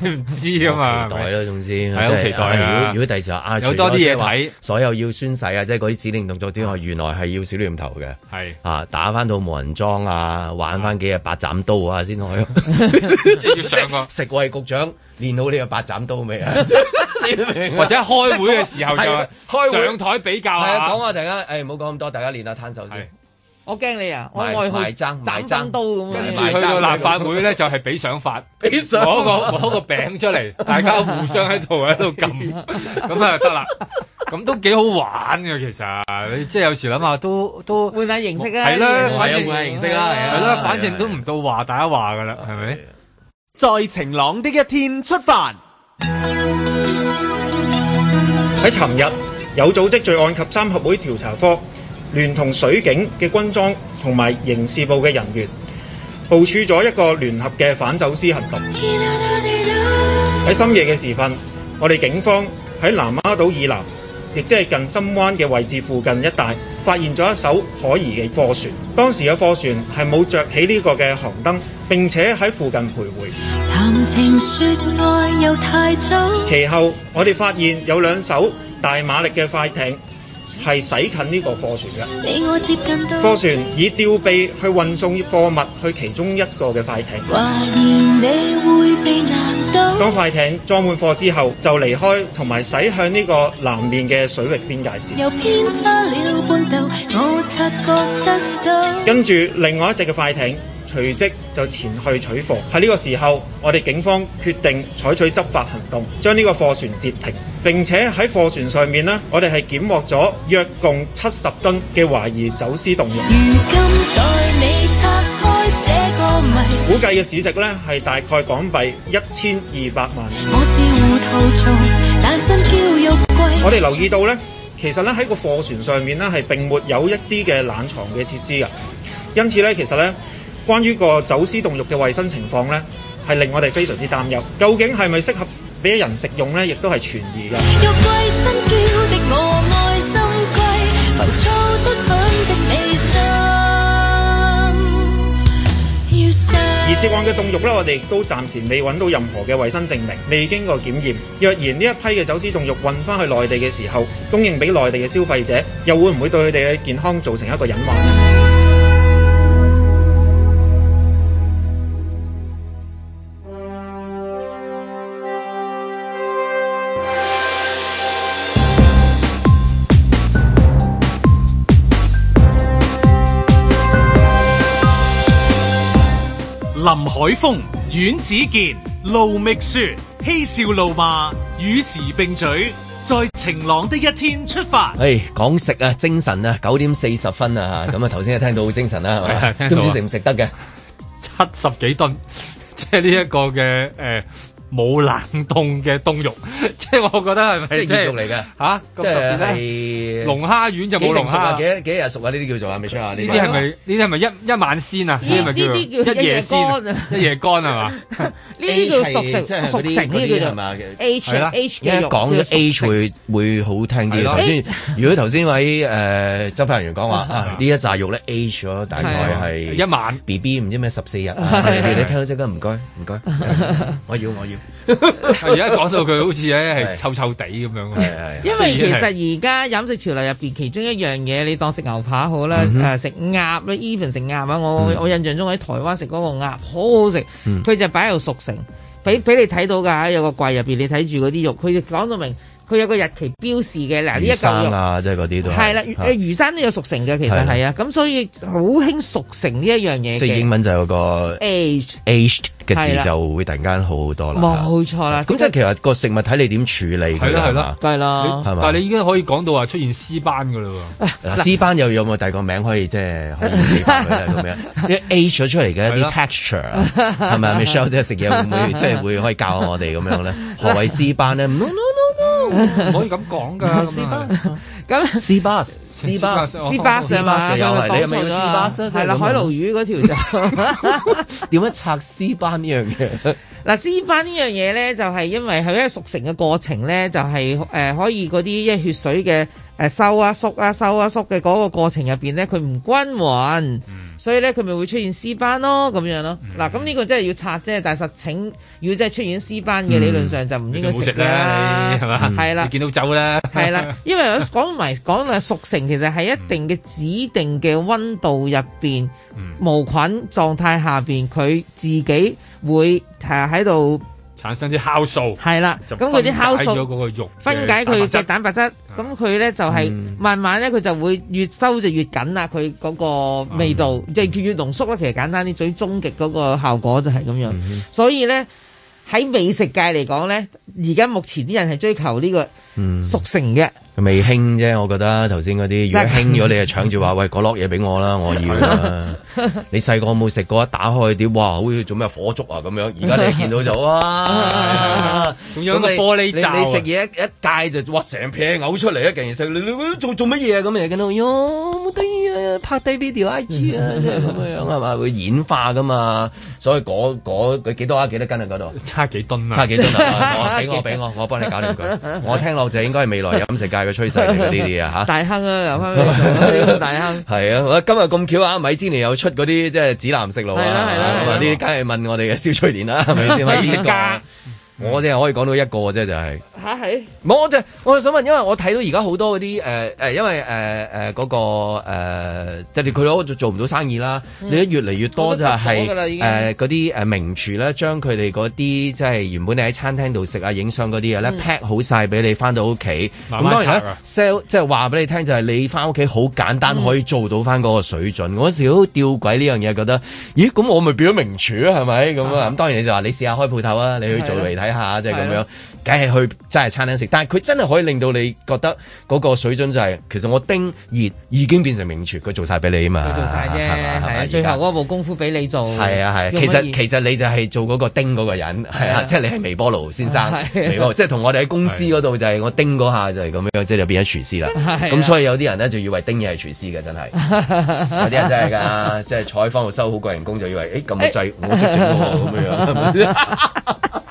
你唔知啊嘛？期待咯，總之係好期待啊！如果第時有啊，有多啲嘢睇，所有要宣誓啊，即係嗰啲指令動作之外，原來係要小念頭嘅。係啊，打翻到木人樁啊，玩翻幾日八斬刀啊，先可以。即係要上個食衞局長。練好呢個八斬刀未啊？或者開會嘅時候就上台比較下，講話大家誒，唔好講咁多，大家練下攤手先。我驚你啊！我愛埋爭斬斬刀咁。跟住去到立法會咧，就係比想法，攞個攞個餅出嚟，大家互相喺度喺度撳，咁啊得啦。咁都幾好玩嘅，其實即係有時諗下都都換下形式啊。係啦，反正換下形式啦，係啦，反正都唔到話大家話噶啦，係咪？在晴朗的一天出發。喺尋日，有組織罪案及三合會調查科聯同水警嘅軍裝同埋刑事部嘅人員，部署咗一個聯合嘅反走私行動。喺深夜嘅時分，我哋警方喺南丫島以南。亦即係近深灣嘅位置附近一帶，發現咗一艘可疑嘅貨船。當時嘅貨船係冇着起呢個嘅航燈，並且喺附近徘徊。其後我哋發現有兩艘大馬力嘅快艇係駛近呢個貨船嘅。貨船以吊臂去運送貨物去其中一個嘅快艇。當快艇裝滿貨之後，就離開同埋駛向呢個南面嘅水域邊界線。跟住另外一隻嘅快艇隨即就前去取貨。喺呢個時候，我哋警方決定採取執法行動，將呢個貨船截停，並且喺貨船上面呢，我哋係檢獲咗約共七十噸嘅懷疑走私凍肉。估計嘅市值呢係大概港幣一千二百萬元。我哋留意到呢，其實呢喺個貨船上面呢，係並沒有一啲嘅冷藏嘅設施嘅，因此呢，其實呢關於個走私凍肉嘅衛生情況呢，係令我哋非常之擔憂，究竟係咪適合俾人食用呢？亦都係存疑嘅。而涉案嘅凍肉呢，我哋亦都暫時未搵到任何嘅衛生證明，未經過檢驗。若然呢一批嘅走私凍肉運返去內地嘅時候，供應俾內地嘅消費者，又會唔會對佢哋嘅健康造成一個隱患呢？林海峰、阮子健、盧覓雪，嬉笑怒罵，與時並舉，在晴朗的一天出發。誒、哎，講食啊，精神啊，九點四十分啊，咁啊，頭先聽到好精神啦，係咪 吧？都唔知食唔食得嘅，七十幾噸，即係呢一個嘅誒。呃 冇冷凍嘅冬肉，即係我覺得係咪即係肉嚟嘅吓，即係龍蝦丸就冇龍蝦。幾成熟啊？幾日熟啊？呢啲叫做啊？唔出下呢啲係咪？呢啲係咪一一晚先啊？呢啲叫一夜鮮一夜干係嘛？呢啲叫熟食熟食呢啲叫做嘛？age a 講咗 H g 會好聽啲。頭先如果頭先位誒執法人員講話呢一紮肉咧 h 咗大概係一晚。B B 唔知咩十四日，你聽到真㗎？唔該唔該，我要我要。而家講到佢好似咧，係臭臭地咁樣嘅， 因為其實而家飲食潮流入邊， 其中一樣嘢，你當食牛扒好啦，誒食鴨咧，even 食鴨啊，我我、嗯、我印象中喺台灣食嗰個鴨好好食，佢、嗯、就擺喺度熟成，俾俾你睇到噶，有個櫃入邊你睇住嗰啲肉，佢就講到明。佢有個日期標示嘅，嗱呢一嚿肉啊，即係嗰啲都係啦，誒魚生都有熟成嘅，其實係啊，咁所以好興熟成呢一樣嘢。即係英文就係個 aged aged 嘅字就會突然間好好多啦。冇錯啦。咁即係其實個食物睇你點處理㗎啦，係咯係咯，係你已經可以講到話出現 c 班㗎啦喎。嗱 c 班又有冇第二個名可以即係？啲 aged 咗出嚟嘅一啲 texture 啊，係咪 Michelle 即係食嘢會唔會即係會可以教下我哋咁樣咧？何謂 c 班咧？No no no no。唔可以咁講噶，咁 C bus。絲斑，絲斑成啊！有埋，你有冇要？係啦，海鱸魚嗰條就點樣拆絲斑呢樣嘢？嗱，絲斑呢樣嘢咧，就係因為佢一熟成嘅過程咧，就係誒可以嗰啲一血水嘅誒收啊縮啊收啊縮嘅嗰個過程入邊咧，佢唔均匀，所以咧佢咪會出現絲斑咯咁樣咯。嗱，咁呢個真係要拆啫，但係實情如果真係出現絲斑嘅，理論上就唔應該食啦，係嘛？係啦，見到就啦。係啦，因為講埋講啊熟成。其實喺一定嘅指定嘅溫度入邊，嗯、無菌狀態下邊，佢自己會誒喺度產生啲酵素，係啦了。咁佢啲酵素分解佢嘅蛋白質，咁佢咧就係、是、慢慢咧，佢就會越收就越緊啦。佢嗰個味道、嗯、就越濃縮啦。其實簡單啲，最終極嗰個效果就係咁樣。嗯、哼所以咧喺美食界嚟講咧，而家目前啲人係追求呢個熟成嘅。嗯未興啫，我覺得頭先嗰啲，如果興咗， 你就搶住話，喂，嗰粒嘢俾我啦，我要啦。 你細個冇食過？一打開啲、啊，哇，好似做咩火燭啊咁樣。而家你一見到就啊，咁樣你個玻璃罩你食嘢一戒，就哇，成片嘔出嚟啊！竟然食，做做乜嘢、嗯、樣啊？咁樣緊度，冇得意拍低 video IG 啊，咁樣係嘛？會演化噶嘛？所以嗰幾多啊？幾多斤啊？嗰度差幾噸啊？差幾噸俾我俾我，我幫你搞掂佢。我聽落就應該係未來飲食界。趨勢呢啲啊嚇，大坑啊，留 大坑。係 啊，今日咁巧啊，米芝蓮又出嗰啲即係紫藍色咯。係啦咁啊，呢啲梗係問我哋嘅小翠蓮啦，係咪先？專家。我哋係可以講到一個啫，就係嚇係冇，我就我就想問，因為我睇到而家好多嗰啲誒因為誒誒嗰個即特別佢攞做唔到生意啦。你越嚟越多就係誒嗰啲名廚咧，將佢哋嗰啲即係原本你喺餐廳度食啊、影相嗰啲嘢咧，pack 好晒俾你翻到屋企。咁當然 sell 即係話俾你聽，就係你翻屋企好簡單可以做到翻嗰個水準。我嗰時好吊詭呢樣嘢，覺得咦，咁我咪變咗名廚啊？係咪咁啊？咁當然你就話你試下開鋪頭啊，你去做嚟睇。睇下即係咁樣，梗係去真係餐廳食，但係佢真係可以令到你覺得嗰個水準就係，其實我叮熱已經變成名廚，佢做晒俾你啊嘛，佢做晒啫，係嘛，最後嗰一步功夫俾你做，係啊係，其實其實你就係做嗰個丁嗰個人，係啊，即係你係微波爐先生，微波爐即係同我哋喺公司嗰度就係我叮嗰下就係咁樣，即係就變咗廚師啦，咁所以有啲人咧就以為丁嘢係廚師嘅，真係有啲人真係噶，即係坐喺房度收好貴人工就以為誒，咁濟，我識整咁樣。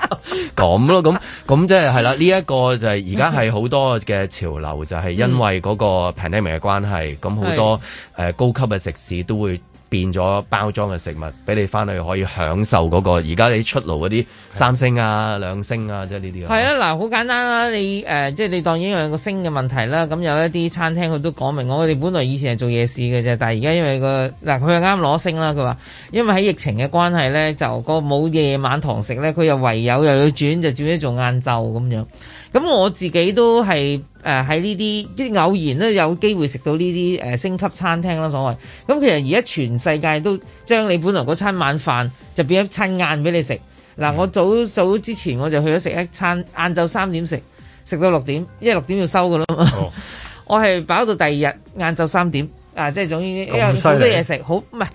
咁咯，咁咁 即係係啦，呢一，這個就係而家係好多嘅潮流，就係、是、因為嗰個 pandemic 嘅關係，咁好多誒、呃、高級嘅食肆都會。變咗包裝嘅食物，俾你翻去可以享受嗰、那個。而家你出爐嗰啲三星啊、的兩星啊，即係呢啲。係啊的，嗱吧，好簡單啦。你誒、呃，即係你當然有個星嘅問題啦，咁有一啲餐廳佢都講明，我哋本來以前係做夜市嘅啫，但係而家因為、那個嗱，佢又啱攞星啦。佢話因為喺疫情嘅關係咧，就個冇夜晚堂食咧，佢又唯有又要轉就轉咗做晏晝咁樣。咁我自己都係誒，喺呢啲即，偶然都有機會食到呢啲誒星級餐廳啦所謂。咁其實而家全世界都將你本來嗰餐晚飯就變咗餐晏俾你食。嗱，我早早之前我就去咗食一餐，晏晝三點食，食到六點，因為六點要收噶咯。哦、 我係飽到第二日晏晝三點，啊，即係總之好多嘢食，好唔係。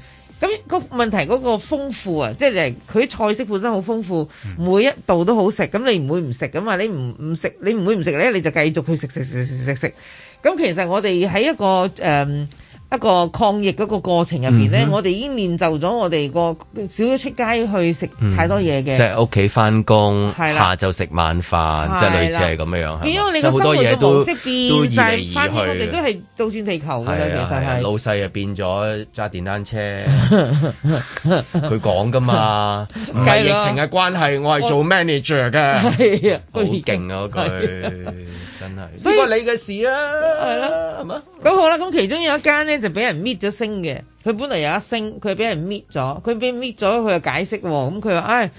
咁個問題嗰個豐富啊，即係誒佢啲菜式本身好豐富，每一道都好食，咁你唔會唔食噶嘛？你唔唔食，你唔會唔食咧，你就繼續去食食食食食食。咁其實我哋喺一個誒。嗯一個抗疫嗰個過程入邊咧，我哋已經練就咗我哋個少咗出街去食太多嘢嘅，即係屋企翻工，下晝食晚飯，即係類似係咁樣樣。點解你個多嘢都冇識變？都嚟嚟去去，我哋都係倒轉地球㗎啦。其實係老細又變咗揸電單車，佢講㗎嘛，計疫情嘅關係，我係做 manager 嘅，好勁啊！嗰句真係，不過你嘅事啊，係啦，係嘛？咁好啦，咁其中有一間咧。就俾人搣咗星嘅，佢本嚟有一星，佢俾人搣咗，佢俾搣咗，佢又解釋喎，咁佢話唉，誒、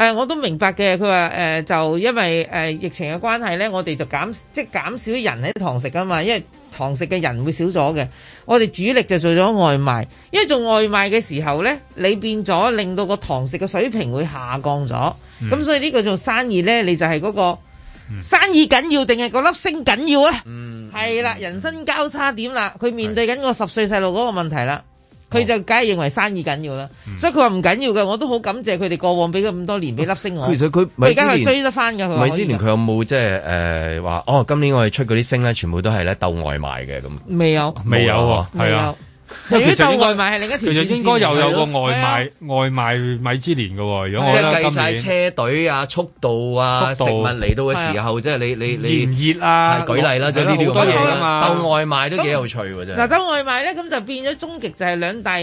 哎呃，我都明白嘅，佢話誒就因為誒、呃、疫情嘅關係咧，我哋就減即係減少人喺堂食啊嘛，因為堂食嘅人會少咗嘅，我哋主力就做咗外賣，因為做外賣嘅時候咧，你變咗令到個堂食嘅水平會下降咗，咁、嗯、所以呢個做生意咧，你就係嗰、那個生意緊要定係嗰粒星緊要啊？嗯係啦，人生交叉點啦，佢面對緊個十歲細路嗰個問題啦，佢的就梗係認為生意緊要啦，嗯、所以佢話唔緊要嘅，我都好感謝佢哋過往俾咗咁多年俾粒星我，佢而家係追得翻佢米芝蓮。佢有冇即係誒話哦？今年我哋出嗰啲星咧，全部都係咧鬥外賣嘅，咁，未有，未有喎，係啊。如果鬥外賣係另一條路，其實應該又有個外賣外賣米芝蓮噶。如果我即係計晒車隊啊、速度啊、食物嚟到嘅時候，即係你你你炎熱啊，舉例啦，即係呢啲嘢，鬥外賣都幾有趣真。嗱，鬥外賣咧，咁就變咗終極就係兩大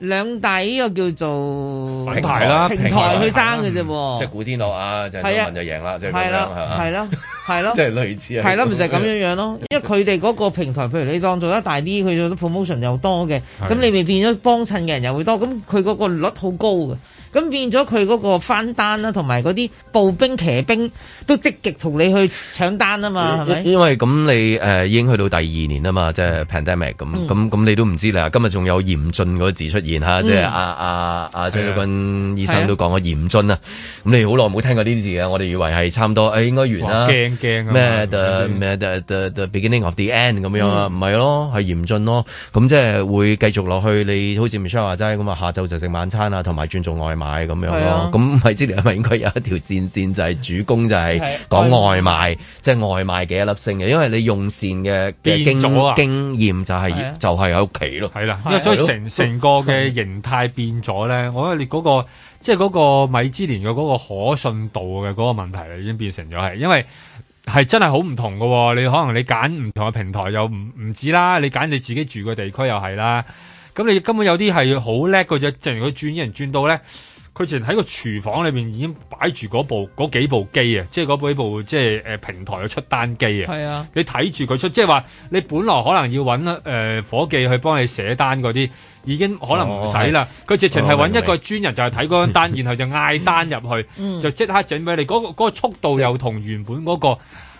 兩大呢個叫做平台平台去爭嘅啫，即係古天樂啊，就就贏啦，即係係嘛，係咯。係咯，即係類似係咯，咪就係、是、咁樣樣咯。的因為佢哋嗰個平台，譬如你當做得大啲，佢做得 promotion 又多嘅，咁的你咪變咗幫襯嘅人又會多。咁佢嗰個率好高嘅。咁變咗佢嗰個翻單啦，同埋嗰啲步兵騎兵都積極同你去搶單啊嘛，係咪？因為咁你誒、呃、已經去到第二年啊嘛，即、就、係、是、pandemic 咁咁咁，嗯、你都唔知啦。今日仲有嚴峻嗰字出現嚇，即係阿阿阿張玉軍醫生都講過嚴峻啊。咁是、啊、你好耐冇聽過呢啲字嘅，我哋以為係差唔多，誒、哎、應該完啦、啊。驚驚咩？The 咩？The beginning of the end 咁樣啊？唔係、嗯、咯，係嚴峻咯。咁即係會繼續落去。你好似 Michelle 話齋咁啊，下晝就食晚餐啊，同埋轉做外。買咁樣咯，咁、啊、米芝蓮咪應該有一條戰線，線就係、是、主攻就係講外賣，啊啊、即係外賣一粒星嘅，因為你用膳嘅經、啊、經驗就係、是啊、就係喺屋企咯。係啦，咁所以成成個嘅形態變咗咧，啊、我覺得你嗰、那個即係嗰個米芝蓮嘅嗰個可信度嘅嗰個問題已經變成咗係，因為係真係好唔同噶。你可能你揀唔同嘅平台又唔唔止啦，你揀你自己住嘅地區又係啦。咁你根本有啲係好叻嗰隻，正如佢轉有人轉到咧，佢直情喺個廚房裏面已經擺住嗰部嗰幾部機啊，即係嗰幾部即係平台嘅出單機是啊。啊，你睇住佢出，即係話你本來可能要搵誒夥計去幫你寫單嗰啲，已經可能唔使啦。佢直情係搵一個專人，就係睇嗰單，嗯、然後就嗌單入去，就即刻整俾你。嗰個嗰個速度又同原本嗰、那個。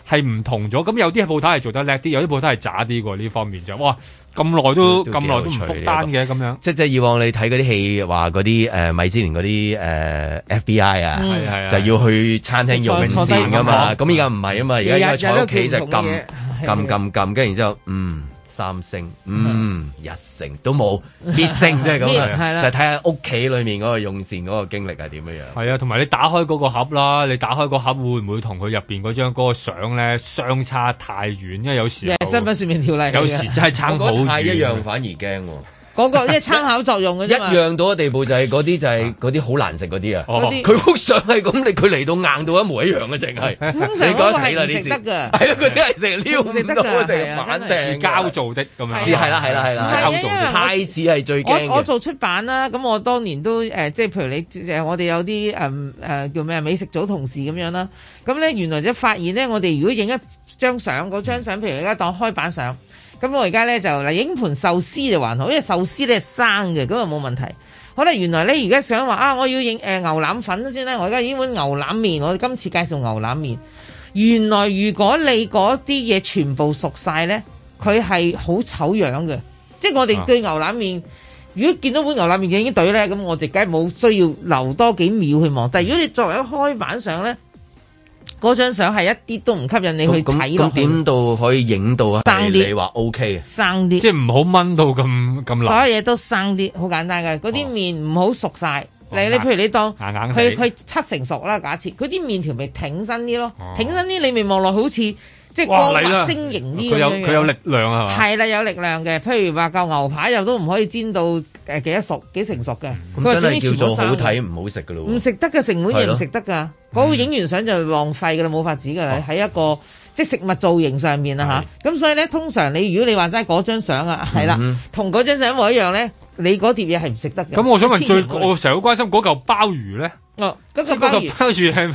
係唔同咗，咁有啲鋪頭係做得叻啲，有啲鋪頭係渣啲喎。呢方面就，哇，咁耐都咁耐、嗯、都唔復單嘅咁、這個、樣即即以往你睇嗰啲戲話嗰啲誒米芝蓮嗰啲誒 FBI 啊，嗯、就要去餐廳用膳噶嘛，咁而家唔係啊嘛，而家坐屋企就撳撳撳撳，跟住然之後嗯。三星、嗯日成、嗯、都冇，乜星即係咁樣，就睇下屋企裏面嗰個用膳嗰個經歷係點樣樣。係啊，同埋你打開嗰個盒啦，你打開個盒會唔會同佢入邊嗰張嗰個相咧相差太遠？因為有時身份說明條例，有時真係差好遠，一樣反而驚。嗰個即係參考作用一樣到嘅地步，就係嗰啲，就係嗰啲好難食嗰啲啊！佢幅相係咁，你佢嚟到硬到一模一樣嘅、啊，淨係你講死啦啲字，係咯，佢啲係食料咁多，係反定膠做的咁樣，係啦，係啦，係啦，造太似係最我，我做出版啦，咁我當年都誒，即、呃、係譬如你，我哋有啲誒誒叫咩美食組同事咁樣啦，咁咧原來一發現咧，我哋如果影一張相，嗰張相譬如你家當開版相。咁我而家咧就，嗱，影盤壽司就還好，因為壽司咧係生嘅，咁就冇問題。好啦，原來咧而家想話啊，我要影、呃、牛腩粉先咧，我而家影碗牛腩麵，我哋今次介紹牛腩麵。原來如果你嗰啲嘢全部熟晒咧，佢係好醜樣嘅，即係我哋對牛腩麵，啊、如果見到碗牛腩麵已經隊咧，咁我哋梗係冇需要留多幾秒去望。但係如果你作為一開板相咧，嗰張相係一啲都唔吸引你去睇，咁點到可以影到啊？生啲？你話 OK 啊？生啲，即係唔好掹到咁咁爛。所有嘢都生啲，好簡單嘅。嗰啲麵唔好熟晒，你、哦、你，硬譬如你當佢佢七成熟啦，假設佢啲麵條咪挺身啲咯，挺身啲你咪望落好似。即係光華晶瑩呢咁樣樣，佢有佢有力量啊嘛。係啦，有力量嘅。譬如話，嚿牛扒又都唔可以煎到誒幾多熟，幾成熟嘅。佢已經叫做好睇唔好食嘅咯喎。唔食得嘅成本又唔食得㗎，嗰個影完相就浪費㗎啦，冇法子㗎啦。喺一個即係食物造型上面啊嚇，咁所以咧，通常你如果你話齋嗰張相啊，係啦，同嗰張相一模一樣咧。你嗰碟嘢係唔食得嘅。咁我想問最，我成日好關心嗰嚿鮑魚咧。哦，嗰嚿鮑魚係咪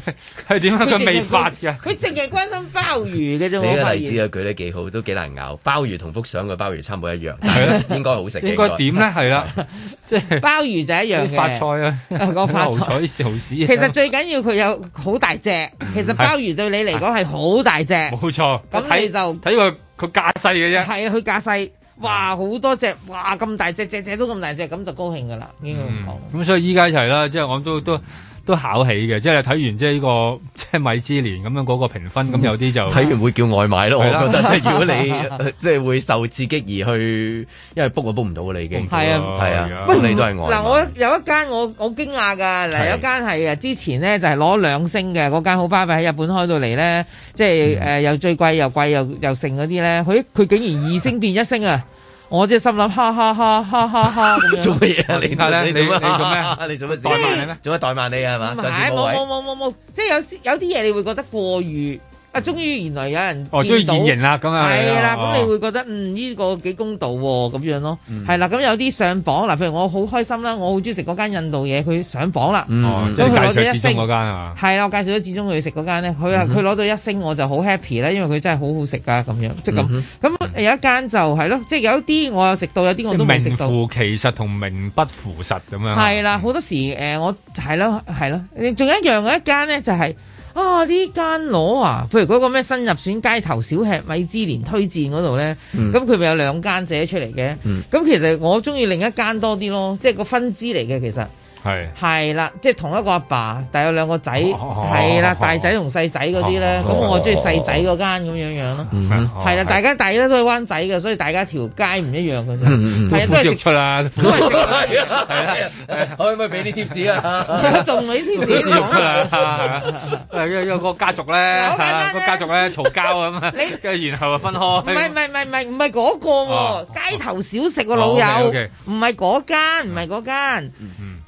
係點樣佢未發嘅。佢淨係關心鮑魚嘅啫。你個例子啊舉得幾好，都幾難咬。鮑魚同幅相嘅鮑魚差唔多一樣，但係應該好食嘅。應該點咧？係啦，即係鮑魚就一樣發發菜啊，個發菜蠔豉。其實最緊要佢有好大隻，其實鮑魚對你嚟講係好大隻。冇錯，咁睇就睇佢，佢架勢嘅啫。係啊，佢架勢。哇！好多隻，哇咁大隻，隻隻都咁大隻，咁就高興噶啦，應該咁講。咁，嗯，所以依家一齊啦，即係我都都。都考起嘅，即係睇完即係呢個即係米芝蓮咁樣嗰個評分，咁有啲就睇完會叫外賣咯。我覺得即係如果你即係會受刺激而去，因為 book 我 book 唔到你已經係啊，係啊，你都係我嗱。我有一間我好驚訝噶，嗱有一間係啊，之前咧就係攞兩星嘅嗰間好巴閉喺日本開到嚟咧，即係誒又最貴又貴又又剩嗰啲咧，佢佢竟然二星變一星啊！我即係心諗，哈，哈哈哈，哈哈哈咁 做乜嘢啊？你阿你做乜？你做咩？你做咩？怠、 欸、慢你咩？做咩怠慢你啊？嘛？唔係，冇冇冇冇冇，即係有有啲嘢你會覺得過於。啊！終於原來有人哦，中意現形啦，咁樣，係啦，咁你會覺得嗯呢個幾公道喎咁樣咯，係啦，咁有啲上榜啦，譬如我好開心啦，我好中意食嗰間印度嘢，佢上榜啦，咁佢攞到一星嗰間啊，係啦，我介紹咗志中去食嗰間咧，佢啊佢攞到一星我就好 happy 咧，因為佢真係好好食噶咁樣，即係咁，咁有一間就係咯，即係有啲我有食到，有啲我都未食到，名副其實同名不副實咁樣，係啦，好多時誒我係咯係咯，仲有一樣嘅一間咧就係。啊！呢間攞啊，譬如嗰個咩新入選街頭小吃米芝蓮推薦嗰度呢，咁佢咪有兩間寫出嚟嘅，咁、嗯、其實我中意另一間多啲咯，即係個分支嚟嘅其實。係係啦，即係同一個阿爸，但係有兩個仔，係啦，大仔同細仔嗰啲咧。咁我中意細仔嗰間咁樣樣咯。係啦，大家大咧都係灣仔嘅，所以大家條街唔一樣嘅。係啊，都食出啦，係啊，係啊，可唔可以俾啲貼士啊？仲俾啲貼士，食出啦，係啊，因為因為嗰個家族咧，嗰個家族咧嘈交咁啊，跟住然後啊，分開。唔唔唔唔唔係嗰個街頭小食個老友，唔係嗰間，唔係嗰間。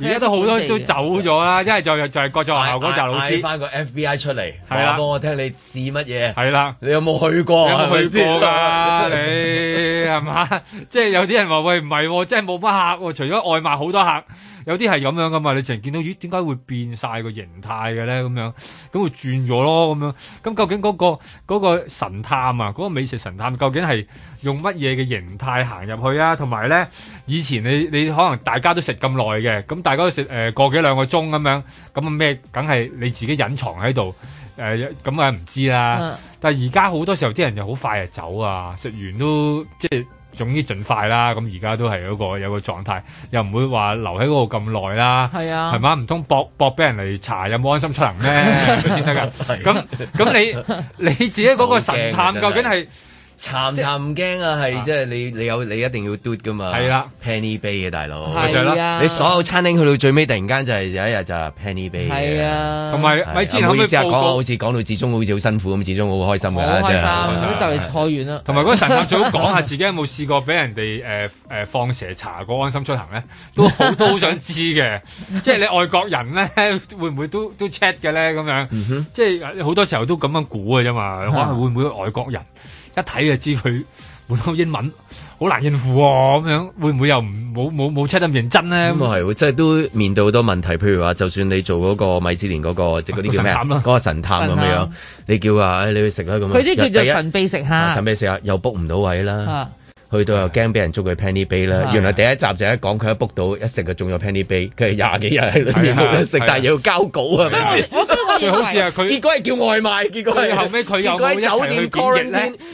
而家都好多都走咗啦，一係就就係各座學校嗰就老師，翻個 FBI 出嚟，幫我聽你試乜嘢？係啦的，你有冇去過？有冇去過㗎？先 你係嘛？ 即係有啲人話：喂，唔係、哦，即係冇乜客喎，除咗外賣好多客。有啲係咁樣噶嘛？你淨見到咦？點解會變晒個形態嘅咧？咁樣咁會轉咗咯？咁樣咁究竟嗰個嗰個神探啊，嗰個美食神探究竟係用乜嘢嘅形態行入去啊？同埋咧，以前你你可能大家都食咁耐嘅，咁大家都食誒過幾兩個鐘咁樣，咁啊咩？梗係你自己隱藏喺度誒，咁啊唔知啦。嗯、但係而家好多時候啲人又好快就走啊，食完都即係。總之盡快啦，咁而家都係嗰個有個狀態，又唔會話留喺嗰度咁耐啦，係是啊，係嘛？唔通搏搏俾人嚟查有冇安心出行咩？先得噶，咁咁你 你自己嗰個神探究竟係？潺潺唔驚啊，係即係你你有你一定要 do 噶嘛。係啦，Penny Bay 嘅大佬。係啦，你所有餐廳去到最尾，突然間就係有一日就係 Penny Bay。係啊，同埋咪之前好意思啊，講好似講到始終好似好辛苦咁，始終好開心嘅啦，真開心。就嚟開啦。同埋嗰陣我最好講下自己有冇試過俾人哋誒誒放蛇查過安心出行咧？都好都好想知嘅，即係你外國人咧會唔會都都 check 嘅咧？咁樣，即係好多時候都咁樣估嘅啫嘛。可能會唔會外國人？一睇就知佢本通英文，好難應付喎咁樣，會唔會又唔冇冇冇出得認真咧？咁啊係，即係都面對好多問題。譬如話，就算你做嗰個米芝蓮嗰個即嗰啲叫咩啊？嗰個神探咁樣，探你叫啊，你去食啦咁啊！佢啲叫做神秘食客，神秘食客又 book 唔到位啦。啊去到又驚俾人捉佢 Penny Bay 啦，原來第一集就一講佢一卜到一食就中咗 Penny Bay，佢係廿幾日喺度冇得食，但係要交稿啊！所以好似啊，結果係叫外賣，結果係後尾佢酒店一齊去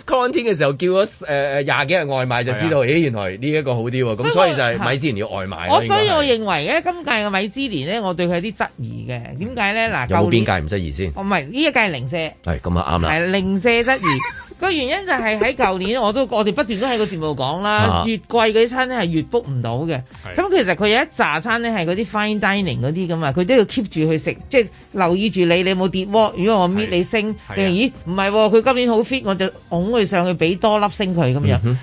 quarantine 嘅時候叫咗誒廿幾日外賣，就知道咦原來呢一個好啲喎，咁所以就係米芝蓮要外賣。我所以我認為咧，今屆嘅米芝蓮咧，我對佢有啲質疑嘅，點解咧？嗱，舊邊屆唔質疑先？唔係呢一屆係零舍，係咁啊啱啦，係零舍質疑。個 原因就係喺舊年我都我哋不斷都喺個節目講啦，啊、越貴嗰啲餐咧係越 book 唔到嘅。咁是其實佢有一紮餐咧係嗰啲 fine dining 嗰啲咁啊，佢都要 keep 住去食，即係留意住你你冇跌波。如果我搣你升，定話咦唔係，佢、啊、今年好 fit，我就拱佢上去俾多粒星佢咁樣。嗯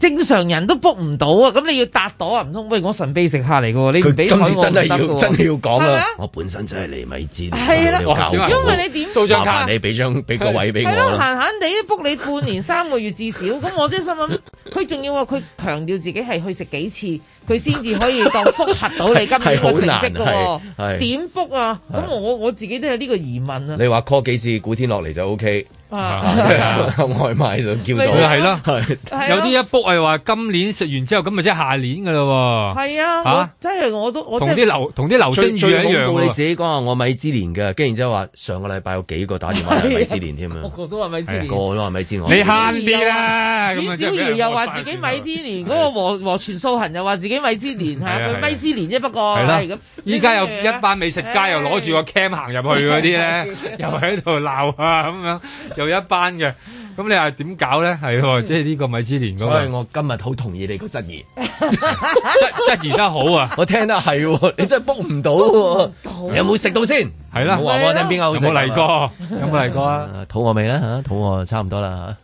正常人都卜唔到啊，咁你要達到啊，唔通喂我神秘食客嚟嘅？你今次真係要真要講啊，吧我本身真係嚟米芝。係啦，因為你點？數張卡，麻煩你俾張俾個位俾我。係咯，閒閒地都卜你半年 三個月至少，咁我真係心諗。佢仲要話，佢強調自己係去食幾次，佢先至可以當複核到你今年呢個成績嘅。點卜啊？咁的我我自己都有呢個疑問啊。你話 call 幾次古天樂嚟就 OK。啊！外賣就叫到係咯，係有啲一幅 o 係話今年食完之後咁咪即係下年噶啦。係啊，吓真係我都我同啲流同啲流星雨一樣。你自己講話我米芝蓮噶，跟然之後話上個禮拜有幾個打電話係米芝蓮添啊。個個都係米芝蓮，個都係米芝蓮。你慳啲啦。阮小儀又話自己米芝蓮，嗰個和和傳蘇恒又話自己米芝蓮，係咪米芝蓮啫？不過係啦。依家有一班美食家又攞住個 cam 行入去嗰啲咧，又喺度鬧啊咁樣。又一班嘅，咁你係點搞咧？係喎、哦，即係呢個米芝蓮咁、那個。所以我今日好同意你個質疑 質，質疑得好啊！ 我聽得係喎、哦，你真係 book 唔到喎，有冇食到先？係啦，我聽邊個好食？我嚟過，有冇嚟過啊？肚餓未啦嚇？肚餓，肚餓就差唔多啦。